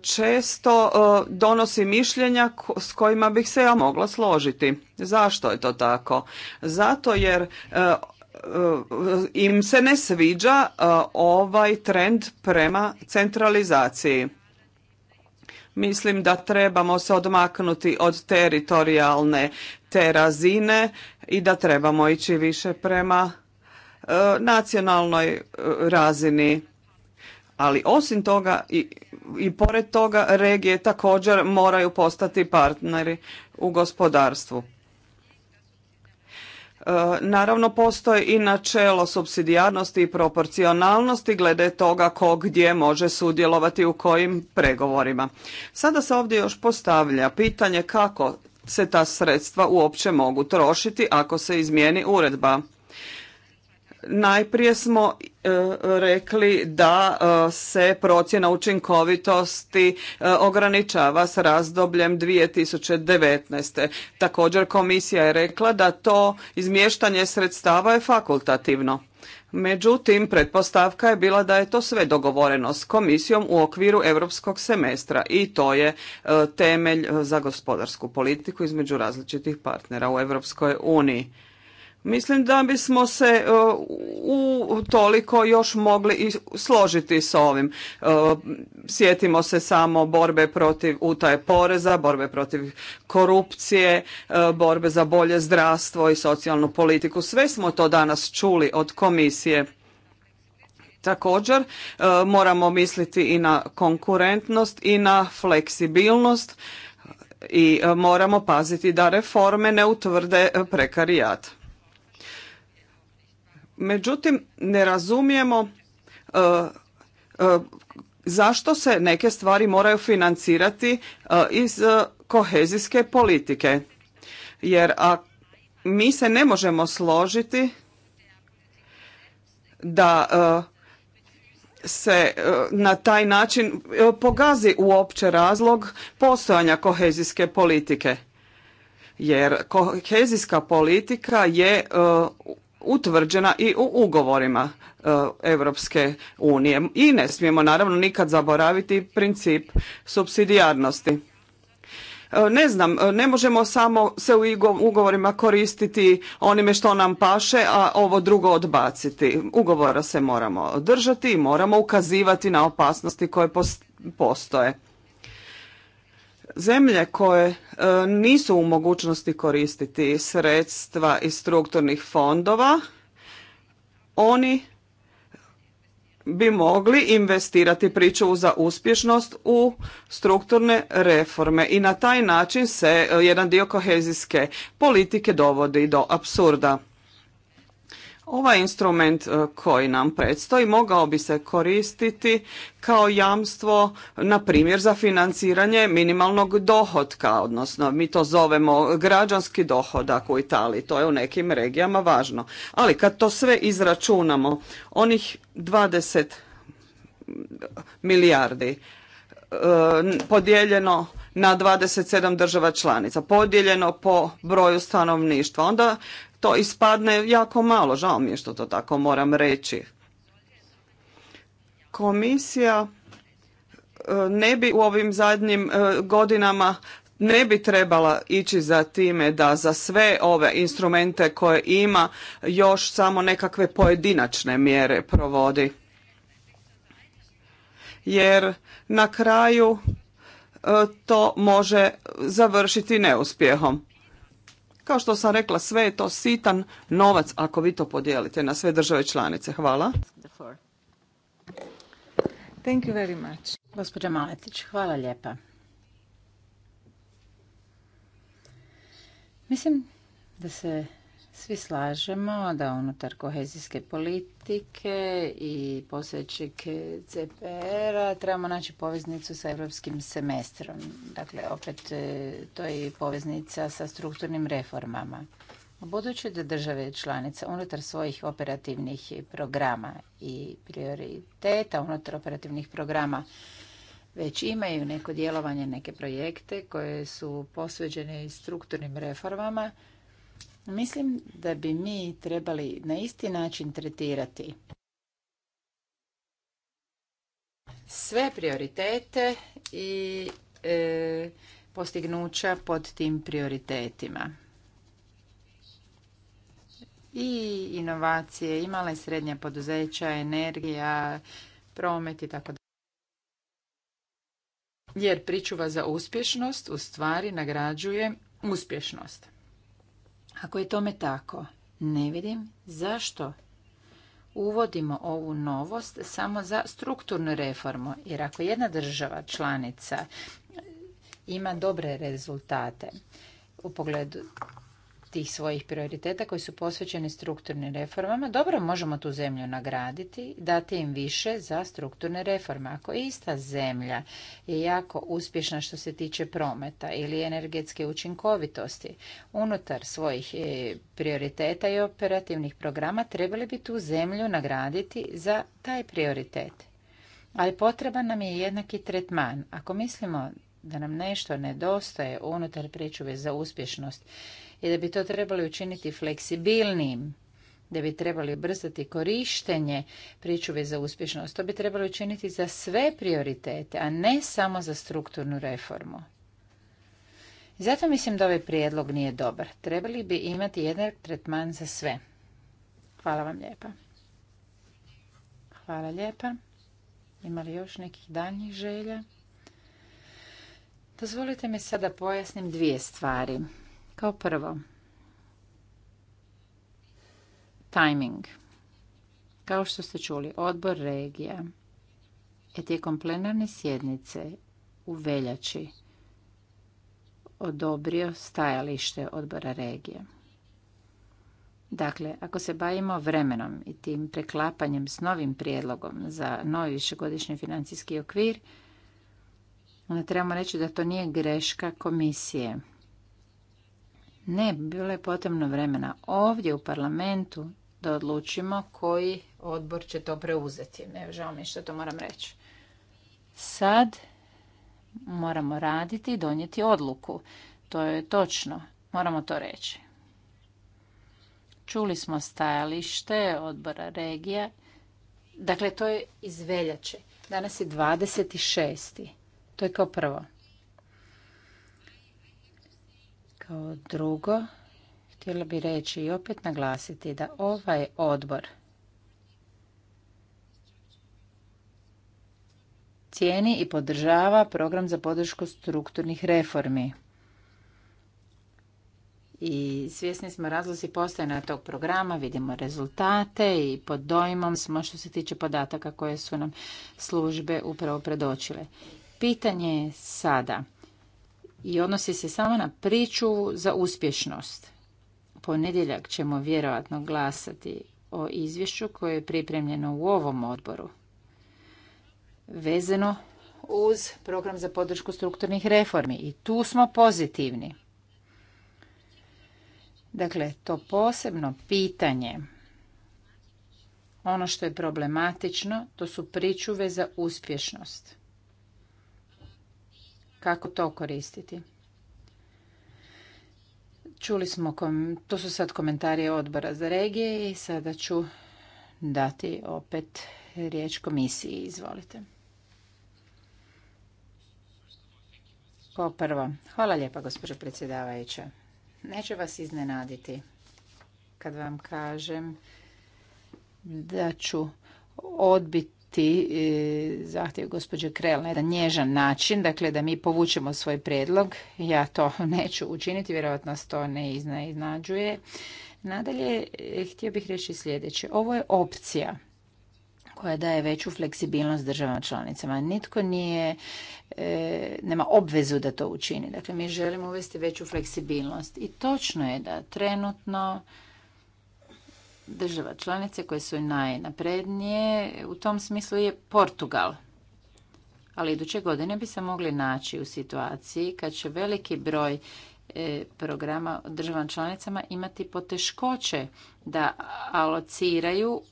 često e, donosi mišljenja s kojima bih se ja mogla složiti. Zašto je to tako? Zato jer e, e, im se ne sviđa ovaj trend prema centralizaciji. Mislim da trebamo se odmaknuti od teritorijalne te razine i da trebamo ići više prema nacionalnoj razini ali osim toga i, i pored toga regije također moraju postati partneri u gospodarstvu. E, naravno, postoji i načelo subsidijarnosti i proporcionalnosti glede toga ko gdje može sudjelovati u kojim pregovorima. Sada se ovdje još postavlja pitanje kako se ta sredstva uopće mogu trošiti ako se izmijeni uredba. Najprije smo e, rekli da e, se procjena učinkovitosti e, ograničava s razdobljem 2019. Također komisija je rekla da to izmještanje sredstava je fakultativno. Međutim, pretpostavka je bila da je to sve dogovoreno s komisijom u okviru europskog semestra i to je temelj za gospodarsku politiku između različitih partnera u Europskoj uniji. Mislim da bismo se e, u toliko još mogli i složiti s ovim. E, sjetimo se samo borbe protiv utaje poreza, borbe protiv korupcije, e, borbe za bolje zdravstvo i socijalnu politiku. Sve smo to danas čuli od komisije. Također moramo misliti i na konkurentnost i na fleksibilnost i moramo paziti da reforme ne utvrde prekarijat. Međutim, ne razumijemo e, e, zašto se neke stvari moraju financirati e, iz kohezijske politike. Jer mi se ne možemo složiti da se na taj način pogazi uopće razlog postojanja kohezijske politike. Jer kohezijska politika je utvrđena i u ugovorima Europske unije. I ne smijemo naravno nikad zaboraviti princip subsidijarnosti. E, ne znam, e, ne možemo samo se u ugovorima koristiti onime što nam paše, a ovo drugo odbaciti. Ugovora se moramo držati i moramo ukazivati na opasnosti koje postoje. Zemlje koje e, nisu u mogućnosti koristiti sredstva iz strukturnih fondova, oni bi mogli investirati priču za uspješnost u strukturne reforme i na taj način se e, jedan dio kohezijske politike dovodi do apsurda. Ovaj instrument e, koji nam predstoji mogao bi se koristiti kao jamstvo, na primjer, za financiranje minimalnog dohodka, odnosno mi to zovemo građanski dohodak u Italiji, to je u nekim regijama važno. Ali kad to sve izračunamo, onih 20 milijardi e, podijeljeno na 27 država članica, podijeljeno po broju stanovništva, onda to ispadne jako malo. Žao mi je što to tako moram reći. Komisija e, ne bi u ovim zadnjim e, godinama ne bi trebala ići za time da za sve ove instrumente koje ima još samo nekakve pojedinačne mjere provodi. Jer na kraju e, to može završiti neuspjehom. Kao što sam rekla, sve je to sitan novac ako vi to podijelite na sve države članice. Hvala. Thank you very much. Gospođa Maletić, hvala lijepa. Mislim da se svi slažemo da unutar kohezijske politike i postojećeg CPR-a trebamo naći poveznicu sa europskim semestrom. Dakle, opet e, to je poveznica sa strukturnim reformama. Budući da države članice unutar svojih operativnih programa i prioriteta unutar operativnih programa već imaju neko djelovanje, neke projekte koje su posveđene strukturnim reformama, Mislim da bi mi trebali na isti način tretirati sve prioritete i e, postignuća pod tim prioritetima. I inovacije, i srednja poduzeća, energija, promet i tako Jer pričuva za uspješnost u stvari nagrađuje uspješnost. Ako je tome tako, ne vidim zašto uvodimo ovu novost samo za strukturnu reformu. Jer ako jedna država članica ima dobre rezultate u pogledu tih svojih prioriteta koji su posvećeni strukturnim reformama, dobro možemo tu zemlju nagraditi, dati im više za strukturne reforme. Ako ista zemlja je jako uspješna što se tiče prometa ili energetske učinkovitosti, unutar svojih e, prioriteta i operativnih programa trebali bi tu zemlju nagraditi za taj prioritet. Ali potreban nam je jednaki tretman. Ako mislimo da nam nešto nedostaje unutar pričuve za uspješnost i da bi to trebali učiniti fleksibilnijim da bi trebali brzati korištenje pričuve za uspješnost. To bi trebali učiniti za sve prioritete, a ne samo za strukturnu reformu. Zato mislim da ovaj prijedlog nije dobar. Trebali bi imati jedan tretman za sve. Hvala vam lijepa. Hvala lijepa. Ima li još nekih daljnjih želja? Dozvolite mi sada pojasnim dvije stvari. Kao prvo, timing. Kao što ste čuli, odbor regija je tijekom plenarne sjednice u veljači odobrio stajalište odbora regije. Dakle, ako se bavimo vremenom i tim preklapanjem s novim prijedlogom za novi višegodišnji financijski okvir, onda trebamo reći da to nije greška komisije – ne, bilo je potrebno vremena ovdje u parlamentu da odlučimo koji odbor će to preuzeti. Ne, žao mi što to moram reći. Sad moramo raditi i donijeti odluku. To je točno. Moramo to reći. Čuli smo stajalište odbora regija. Dakle, to je iz veljače. Danas je 26. To je kao prvo. Kao drugo, htjela bi reći i opet naglasiti da ovaj odbor cijeni i podržava program za podršku strukturnih reformi. I svjesni smo razlozi postojanja tog programa, vidimo rezultate i pod dojmom smo što se tiče podataka koje su nam službe upravo predočile. Pitanje je sada i odnosi se samo na pričuvu za uspješnost. Ponedjeljak ćemo vjerojatno glasati o izvješću koje je pripremljeno u ovom odboru. Vezano uz program za podršku strukturnih reformi i tu smo pozitivni. Dakle, to posebno pitanje, ono što je problematično, to su pričuve za uspješnost kako to koristiti. Čuli smo, to su sad komentari odbora za regije i sada ću dati opet riječ komisiji. Izvolite. Kao prvo, hvala lijepa gospođo predsjedavajuća. Neću vas iznenaditi kad vam kažem da ću odbiti prihvatiti e, zahtjev gospođe Krel na jedan nježan način, dakle da mi povučemo svoj prijedlog. Ja to neću učiniti, vjerojatno nas to ne iznađuje. Nadalje, e, htio bih reći sljedeće. Ovo je opcija koja daje veću fleksibilnost državama članicama. Nitko nije, e, nema obvezu da to učini. Dakle, mi želimo uvesti veću fleksibilnost. I točno je da trenutno država članice koje su najnaprednije u tom smislu je Portugal. Ali iduće godine bi se mogli naći u situaciji kad će veliki broj e, programa državan članicama imati poteškoće da alociraju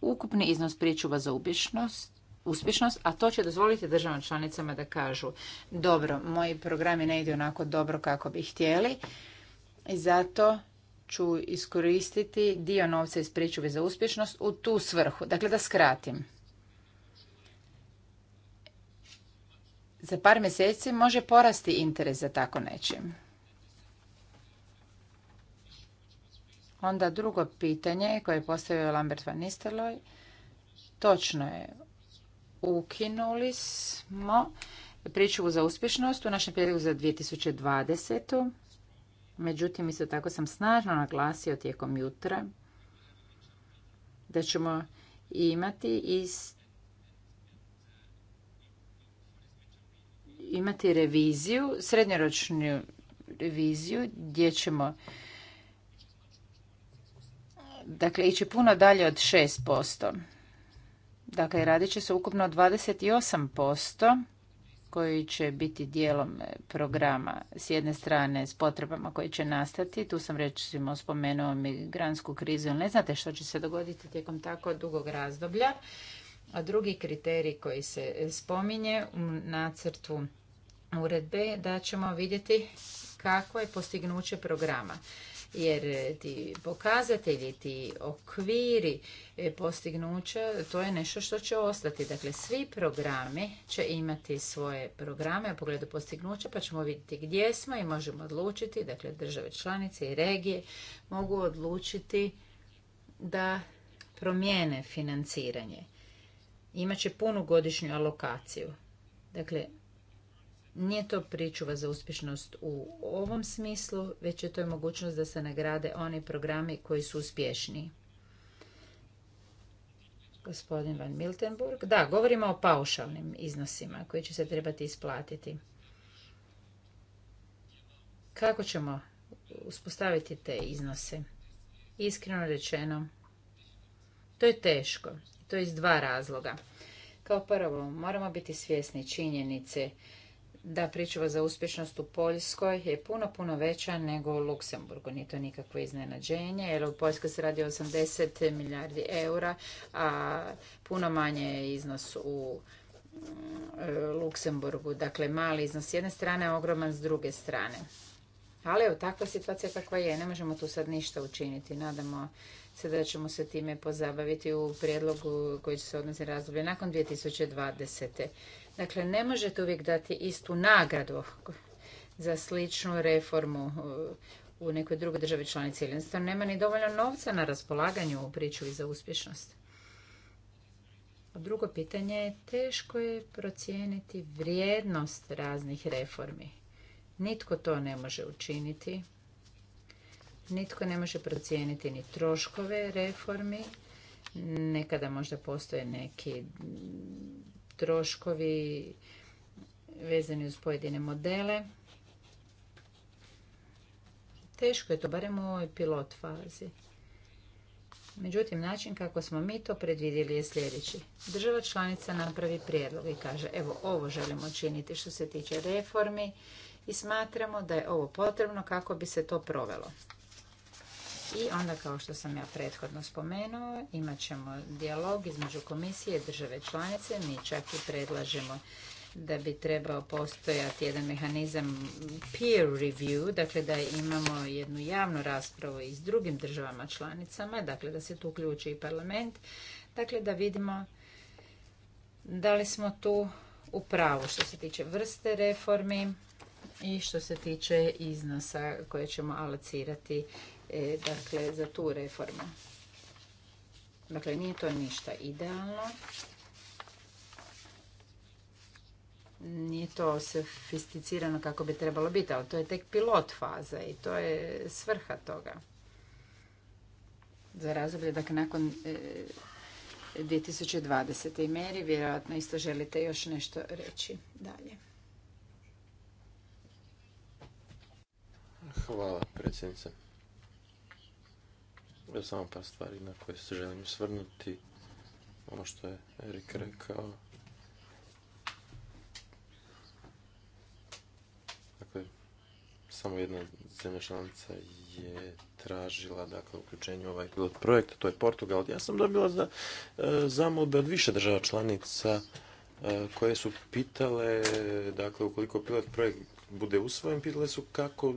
ukupni iznos pričuva za uspješnost, uspješnost, a to će dozvoliti državan članicama da kažu dobro, moji programi ne idu onako dobro kako bi htjeli i zato ću iskoristiti dio novca iz pričuve za uspješnost u tu svrhu. Dakle, da skratim. Za par mjeseci može porasti interes za tako nečim. Onda drugo pitanje koje je postavio Lambert van Nistelrooy. Točno je, ukinuli smo pričuvu za uspješnost u našem prijedlogu za 2020. Međutim, isto tako sam snažno naglasio tijekom jutra da ćemo imati iz imati reviziju, srednjoročnu reviziju gdje ćemo dakle ići puno dalje od 6%. Dakle, radit će se ukupno 28% koji će biti dijelom programa s jedne strane s potrebama koje će nastati. Tu sam recimo spomenuo migransku krizu, ali ne znate što će se dogoditi tijekom tako dugog razdoblja. A drugi kriterij koji se spominje u nacrtu uredbe da ćemo vidjeti kako je postignuće programa jer e, ti pokazatelji, ti okviri e, postignuća, to je nešto što će ostati. Dakle, svi programi će imati svoje programe u pogledu postignuća, pa ćemo vidjeti gdje smo i možemo odlučiti, dakle države članice i regije mogu odlučiti da promijene financiranje. Imaće punu godišnju alokaciju. Dakle, nije to pričuva za uspješnost u ovom smislu, već je to i mogućnost da se nagrade oni programi koji su uspješniji. Gospodin Van Miltenburg. Da, govorimo o paušalnim iznosima koji će se trebati isplatiti. Kako ćemo uspostaviti te iznose? Iskreno rečeno, to je teško. To je iz dva razloga. Kao prvo, moramo biti svjesni činjenice da pričuva za uspješnost u Poljskoj je puno, puno veća nego u Luksemburgu. Nije to nikakvo iznenađenje, jer u Poljskoj se radi 80 milijardi eura, a puno manje je iznos u mm, Luksemburgu. Dakle, mali iznos s jedne strane, ogroman s druge strane. Ali evo, takva situacija kakva je, ne možemo tu sad ništa učiniti. Nadamo se da ćemo se time pozabaviti u prijedlogu koji će se odnosi razdoblje nakon 2020. Dakle, ne možete uvijek dati istu nagradu za sličnu reformu uh, u nekoj drugoj državi članici. Jednostavno nema ni dovoljno novca na raspolaganju u i za uspješnost. Drugo pitanje je teško je procijeniti vrijednost raznih reformi. Nitko to ne može učiniti. Nitko ne može procijeniti ni troškove reformi. Nekada možda postoje neki troškovi vezani uz pojedine modele. Teško je to, barem u ovoj pilot fazi. Međutim, način kako smo mi to predvidjeli je sljedeći. Država članica napravi prijedlog i kaže, evo, ovo želimo činiti što se tiče reformi i smatramo da je ovo potrebno kako bi se to provelo. I onda, kao što sam ja prethodno spomenuo, imat ćemo dijalog između komisije i države članice. Mi čak i predlažemo da bi trebao postojati jedan mehanizam peer review, dakle da imamo jednu javnu raspravu i s drugim državama članicama, dakle da se tu uključi i parlament, dakle da vidimo da li smo tu u pravu što se tiče vrste reformi i što se tiče iznosa koje ćemo alocirati E, dakle, za tu reformu. Dakle, nije to ništa idealno. Nije to sofisticirano kako bi trebalo biti, ali to je tek pilot faza i to je svrha toga. Za razdoblje, dakle, nakon 2020. E, I Meri, vjerojatno isto želite još nešto reći dalje. Hvala predsjednice samo par stvari na koje se želim svrnuti. Ono što je Erik rekao. Dakle, samo jedna zemlja članica je tražila dakle, uključenje ovaj pilot projekta. to je Portugal. Ja sam dobila za, e, zamolbe od više država članica e, koje su pitale, dakle, ukoliko pilot projekt bude usvojen, pitale su kako,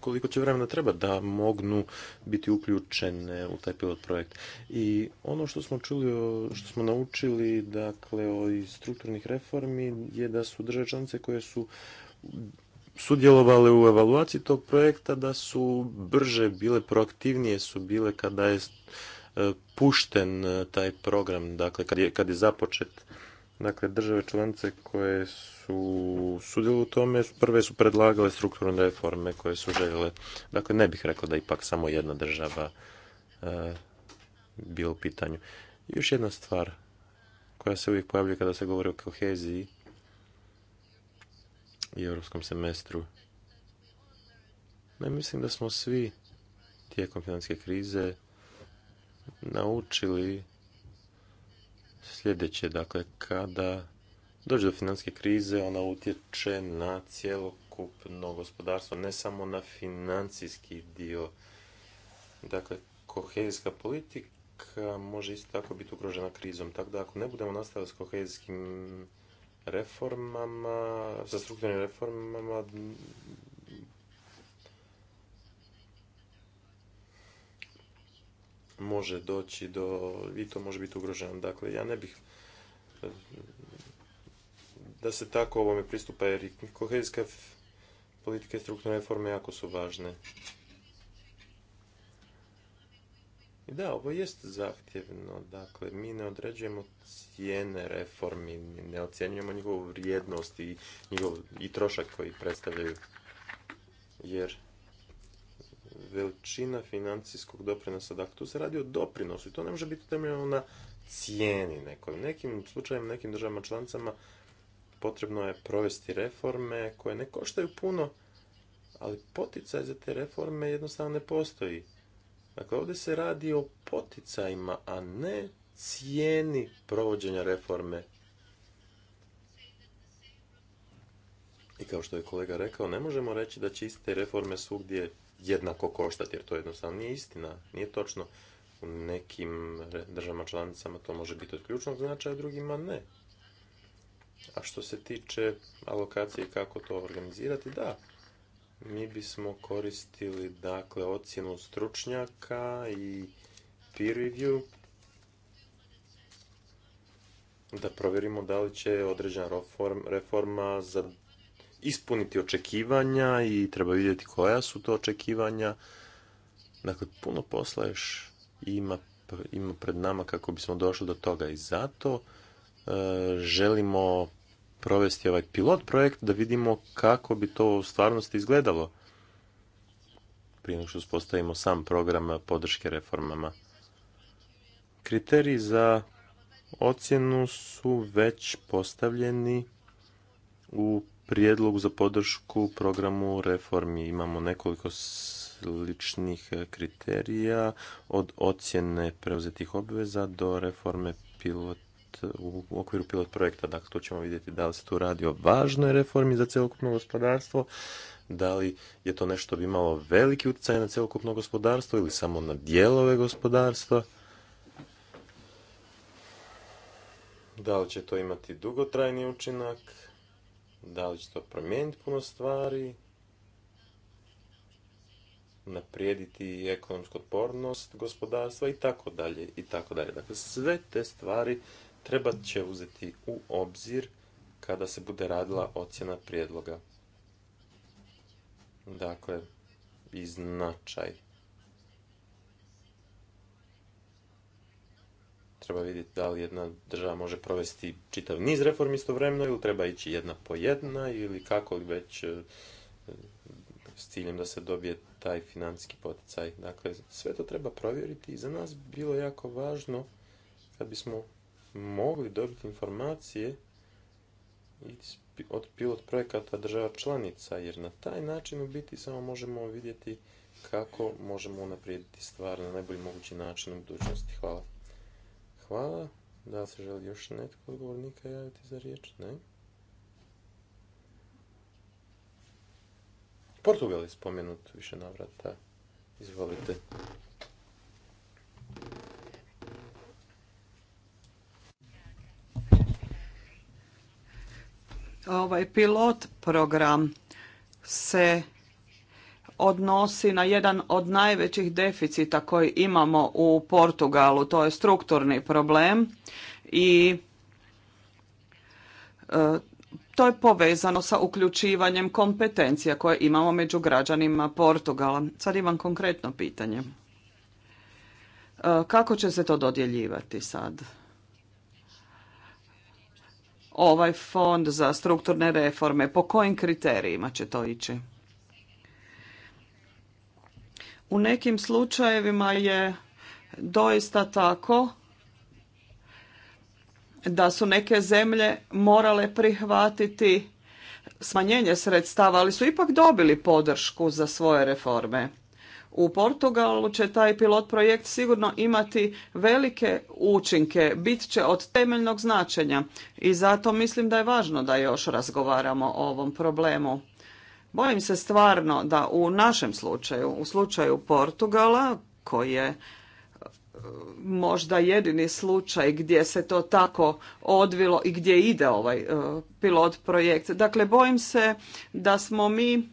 koliko će vremena treba da mognu biti uključene u taj pilot projekt. I ono što smo čuli, što smo naučili, dakle, o strukturnih reformi je da su države članice koje su sudjelovale u evaluaciji tog projekta, da su brže bile, proaktivnije su bile kada je e, pušten e, taj program, dakle, kad je, kad je započet Dakle, države članice koje su sudjeli u tome, prve su predlagale strukturne reforme koje su željele. Dakle, ne bih rekao da ipak samo jedna država e, bila u pitanju. Još jedna stvar koja se uvijek pojavlja kada se govori o koheziji i europskom semestru. Ne mislim da smo svi tijekom financijske krize naučili sljedeće. Dakle, kada dođe do financijske krize, ona utječe na cjelokupno gospodarstvo, ne samo na financijski dio. Dakle, kohezijska politika može isto tako biti ugrožena krizom. Tako da ako ne budemo nastavili s kohezijskim reformama, sa strukturnim reformama, može doći do, i to može biti ugroženo. Dakle, ja ne bih da se tako ovome pristupa jer kohezijska politika i strukturne reforme jako su važne. I da, ovo jest zahtjevno. Dakle, mi ne određujemo cijene reformi, ne ocjenjujemo njihovu vrijednost i trošak koji predstavljaju. Jer veličina financijskog doprinosa. Dakle, tu se radi o doprinosu i to ne može biti temeljeno na cijeni nekoj. Nekim u nekim državama članicama potrebno je provesti reforme koje ne koštaju puno, ali poticaj za te reforme jednostavno ne postoji. Dakle, ovdje se radi o poticajima, a ne cijeni provođenja reforme. I kao što je kolega rekao, ne možemo reći da će iste reforme svugdje jednako koštati, jer to jednostavno nije istina, nije točno. U nekim državama članicama to može biti od ključnog značaja, drugima ne. A što se tiče alokacije i kako to organizirati, da, mi bismo koristili dakle ocjenu stručnjaka i peer review da provjerimo da li će određena reforma ispuniti očekivanja i treba vidjeti koja su to očekivanja. Dakle, puno posla još ima, ima pred nama kako bismo došli do toga i zato e, želimo provesti ovaj pilot projekt da vidimo kako bi to u stvarnosti izgledalo prije nego što uspostavimo sam program podrške reformama. Kriteriji za ocjenu su već postavljeni u Prijedlog za podršku programu reformi. Imamo nekoliko sličnih e, kriterija od ocjene preuzetih obveza do reforme pilot u okviru pilot projekta. Dakle, tu ćemo vidjeti da li se tu radi o važnoj reformi za cjelokupno gospodarstvo, da li je to nešto bi imalo veliki utjecaj na cjelokupno gospodarstvo ili samo na dijelove gospodarstva. Da li će to imati dugotrajni učinak da li će to promijeniti puno stvari? naprijediti ekonomsku otpornost gospodarstva i tako dalje i tako dalje. Dakle, sve te stvari treba će uzeti u obzir kada se bude radila ocjena prijedloga. Dakle, i značaj treba vidjeti da li jedna država može provesti čitav niz reform istovremeno ili treba ići jedna po jedna ili kako već e, s ciljem da se dobije taj financijski poticaj. Dakle, sve to treba provjeriti i za nas bilo jako važno kad bismo mogli dobiti informacije od pilot projekata država članica, jer na taj način u biti samo možemo vidjeti kako možemo unaprijediti stvar na najbolji mogući način u budućnosti. Hvala. Hvala. Da li se želi još netko od govornika javiti za riječ? Ne. Portugal je spomenut više navrata. Izvolite. Ovaj pilot program se odnosi na jedan od najvećih deficita koji imamo u Portugalu. To je strukturni problem i e, to je povezano sa uključivanjem kompetencija koje imamo među građanima Portugala. Sad imam konkretno pitanje. E, kako će se to dodjeljivati sad? Ovaj fond za strukturne reforme, po kojim kriterijima će to ići? U nekim slučajevima je doista tako da su neke zemlje morale prihvatiti smanjenje sredstava, ali su ipak dobili podršku za svoje reforme. U Portugalu će taj pilot projekt sigurno imati velike učinke, bit će od temeljnog značenja i zato mislim da je važno da još razgovaramo o ovom problemu. Bojim se stvarno da u našem slučaju, u slučaju Portugala, koji je e, možda jedini slučaj gdje se to tako odvilo i gdje ide ovaj e, pilot projekt. Dakle, bojim se da smo mi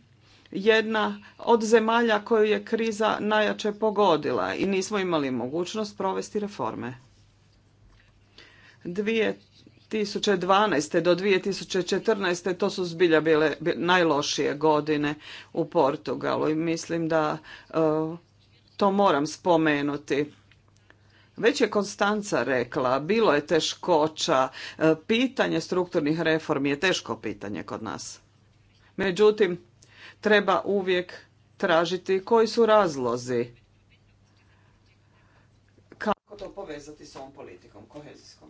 jedna od zemalja koju je kriza najjače pogodila i nismo imali mogućnost provesti reforme. Dvije 2012. do 2014. to su zbilja bile najlošije godine u Portugalu i mislim da e, to moram spomenuti. Već je Konstanca rekla, bilo je teškoća, e, pitanje strukturnih reformi je teško pitanje kod nas. Međutim, treba uvijek tražiti koji su razlozi. Kako to povezati s ovom politikom kohezijskom?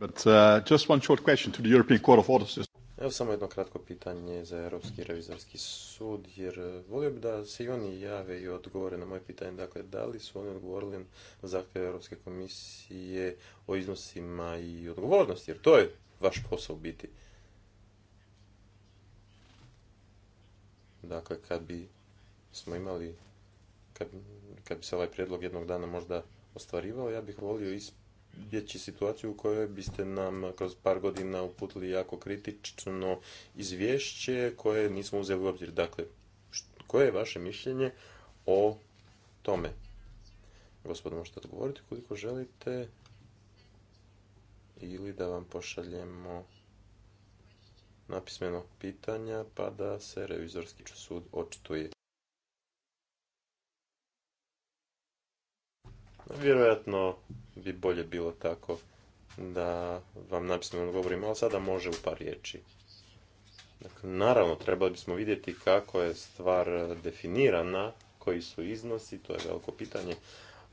But, uh, just one short question to the European Court of Auditors. Evo samo jedno kratko pitanje za Europski revizorski sud, jer e, volio bi da se i oni jave i odgovore na moje pitanje. Dakle, da li su oni odgovorili na zahtjeve Europske komisije o iznosima i odgovornosti, jer to je vaš posao biti. Dakle, kad bi smo imali, kad, kad bi se ovaj prijedlog jednog dana možda ostvarivao, ja bih volio isp izbjeći situaciju u kojoj biste nam kroz par godina uputili jako kritično izvješće koje nismo uzeli u obzir. Dakle, koje je vaše mišljenje o tome? Gospod, možete odgovoriti koliko želite ili da vam pošaljemo napismenog pitanja pa da se revizorski sud očituje. Vjerojatno bi bolje bilo tako da vam napisano odgovorim, ali sada može u par riječi. Dakle, naravno, trebali bismo vidjeti kako je stvar definirana, koji su iznosi, to je veliko pitanje,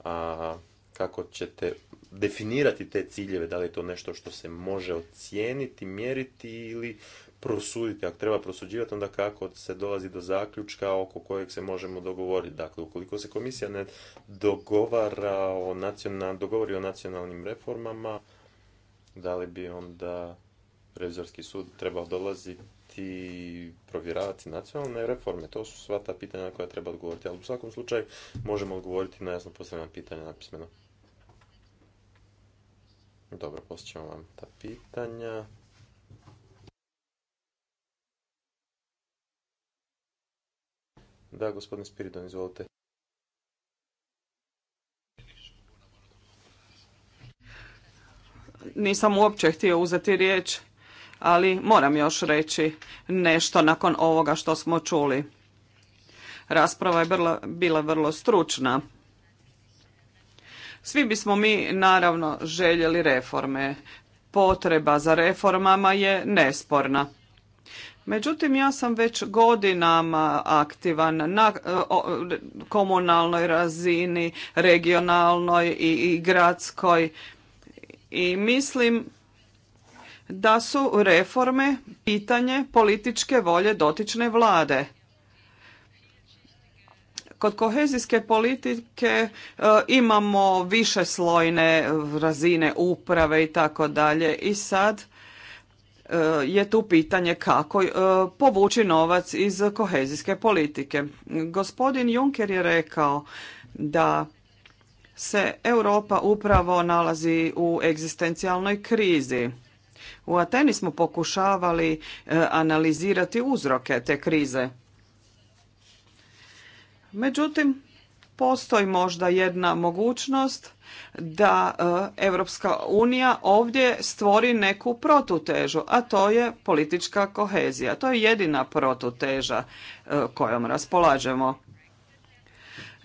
a kako ćete definirati te ciljeve, da li je to nešto što se može ocijeniti, mjeriti ili prosuditi, ako treba prosuđivati, onda kako se dolazi do zaključka oko kojeg se možemo dogovoriti. Dakle, ukoliko se komisija ne dogovara o nacional, dogovori o nacionalnim reformama, da li bi onda revizorski sud trebao dolaziti i provjeravati nacionalne reforme. To su sva ta pitanja na koja treba odgovoriti, ali u svakom slučaju možemo odgovoriti na jasno postavljena pitanja napismeno. Dobro, postavljamo vam ta pitanja. Da, gospodin Spiridon, izvolite. Nisam uopće htio uzeti riječ, ali moram još reći nešto nakon ovoga što smo čuli. Rasprava je bila, bila vrlo stručna. Svi bismo mi naravno željeli reforme. Potreba za reformama je nesporna. Međutim, ja sam već godinama aktivan na e, komunalnoj razini, regionalnoj i gradskoj i mislim da su reforme pitanje političke volje dotične vlade. Kod kohezijske politike e, imamo više slojne razine uprave i tako dalje i sad E, je tu pitanje kako e, povući novac iz kohezijske politike. Gospodin Juncker je rekao da se Europa upravo nalazi u egzistencijalnoj krizi. U Ateni smo pokušavali e, analizirati uzroke te krize. Međutim, postoji možda jedna mogućnost da Europska unija ovdje stvori neku protutežu, a to je politička kohezija. To je jedina protuteža e, kojom raspolažemo.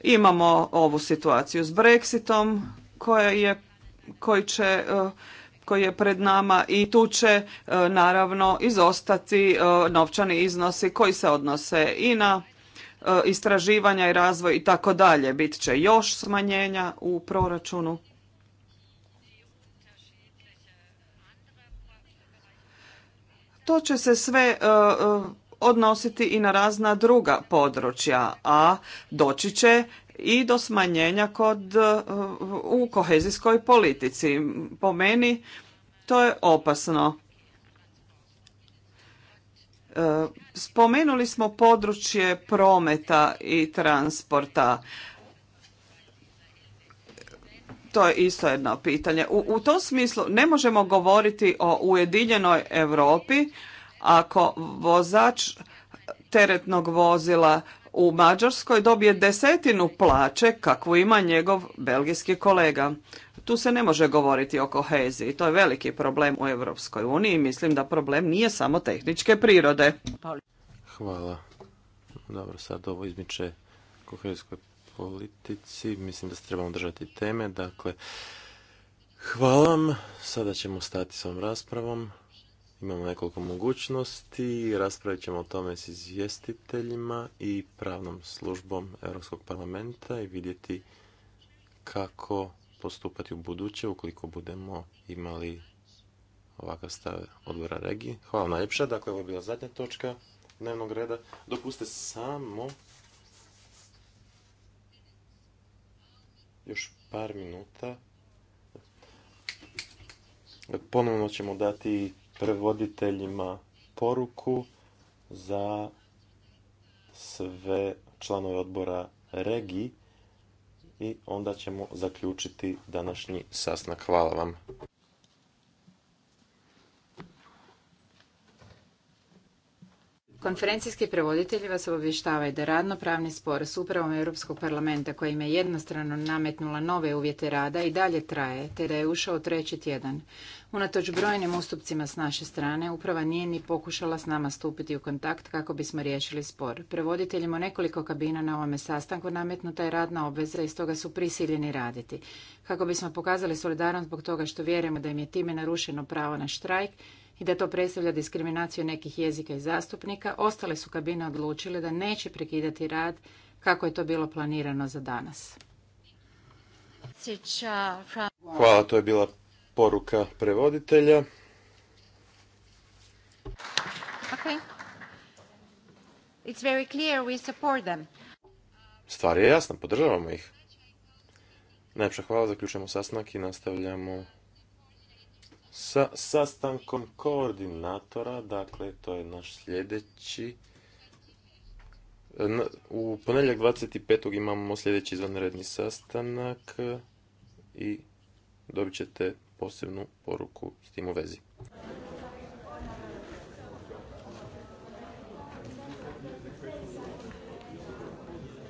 Imamo ovu situaciju s Brexitom koja je, koji će e, koji je pred nama i tu će e, naravno izostati novčani iznosi koji se odnose i na E, istraživanja i razvoj i tako dalje. Bit će još smanjenja u proračunu. To će se sve e, e, odnositi i na razna druga područja, a doći će i do smanjenja kod, u kohezijskoj politici. Po meni to je opasno. Spomenuli smo područje prometa i transporta. To je isto jedno pitanje. U, tom smislu ne možemo govoriti o ujedinjenoj Europi ako vozač teretnog vozila u Mađarskoj dobije desetinu plaće kakvu ima njegov belgijski kolega tu se ne može govoriti o koheziji. To je veliki problem u Europskoj uniji mislim da problem nije samo tehničke prirode. Hvala. Dobro, sad ovo izmiče kohezijskoj politici. Mislim da se trebamo držati teme. Dakle, hvala vam. Sada ćemo stati s ovom raspravom. Imamo nekoliko mogućnosti. Raspravit ćemo o tome s izvjestiteljima i pravnom službom Europskog parlamenta i vidjeti kako postupati u buduće ukoliko budemo imali ovakav stav odbora regiji. Hvala najljepša. Dakle, ovo je bila zadnja točka dnevnog reda. Dopuste samo još par minuta. Ponovno ćemo dati prevoditeljima poruku za sve članove odbora regiji i onda ćemo zaključiti današnji sastanak. Hvala vam. Konferencijski prevoditelji vas obavještavaju da radno-pravni spor s upravom Europskog parlamenta koja im je jednostrano nametnula nove uvjete rada i dalje traje, te da je ušao treći tjedan. Unatoč brojnim ustupcima s naše strane, uprava nije ni pokušala s nama stupiti u kontakt kako bismo riješili spor. Prevoditeljima nekoliko kabina na ovome sastanku nametnuta je radna obveza i stoga su prisiljeni raditi. Kako bismo pokazali solidarnost zbog toga što vjerujemo da im je time narušeno pravo na štrajk, i da to predstavlja diskriminaciju nekih jezika i zastupnika, ostale su kabine odlučile da neće prekidati rad kako je to bilo planirano za danas. Hvala, to je bila poruka prevoditelja. Okay. It's very clear we support them. Stvar je jasna, podržavamo ih. Najpša hvala, zaključujemo sastanak i nastavljamo sa sastankom koordinatora, dakle to je naš sljedeći. U ponedjeljak 25. imamo sljedeći izvanredni sastanak i dobit ćete posebnu poruku s tim u vezi.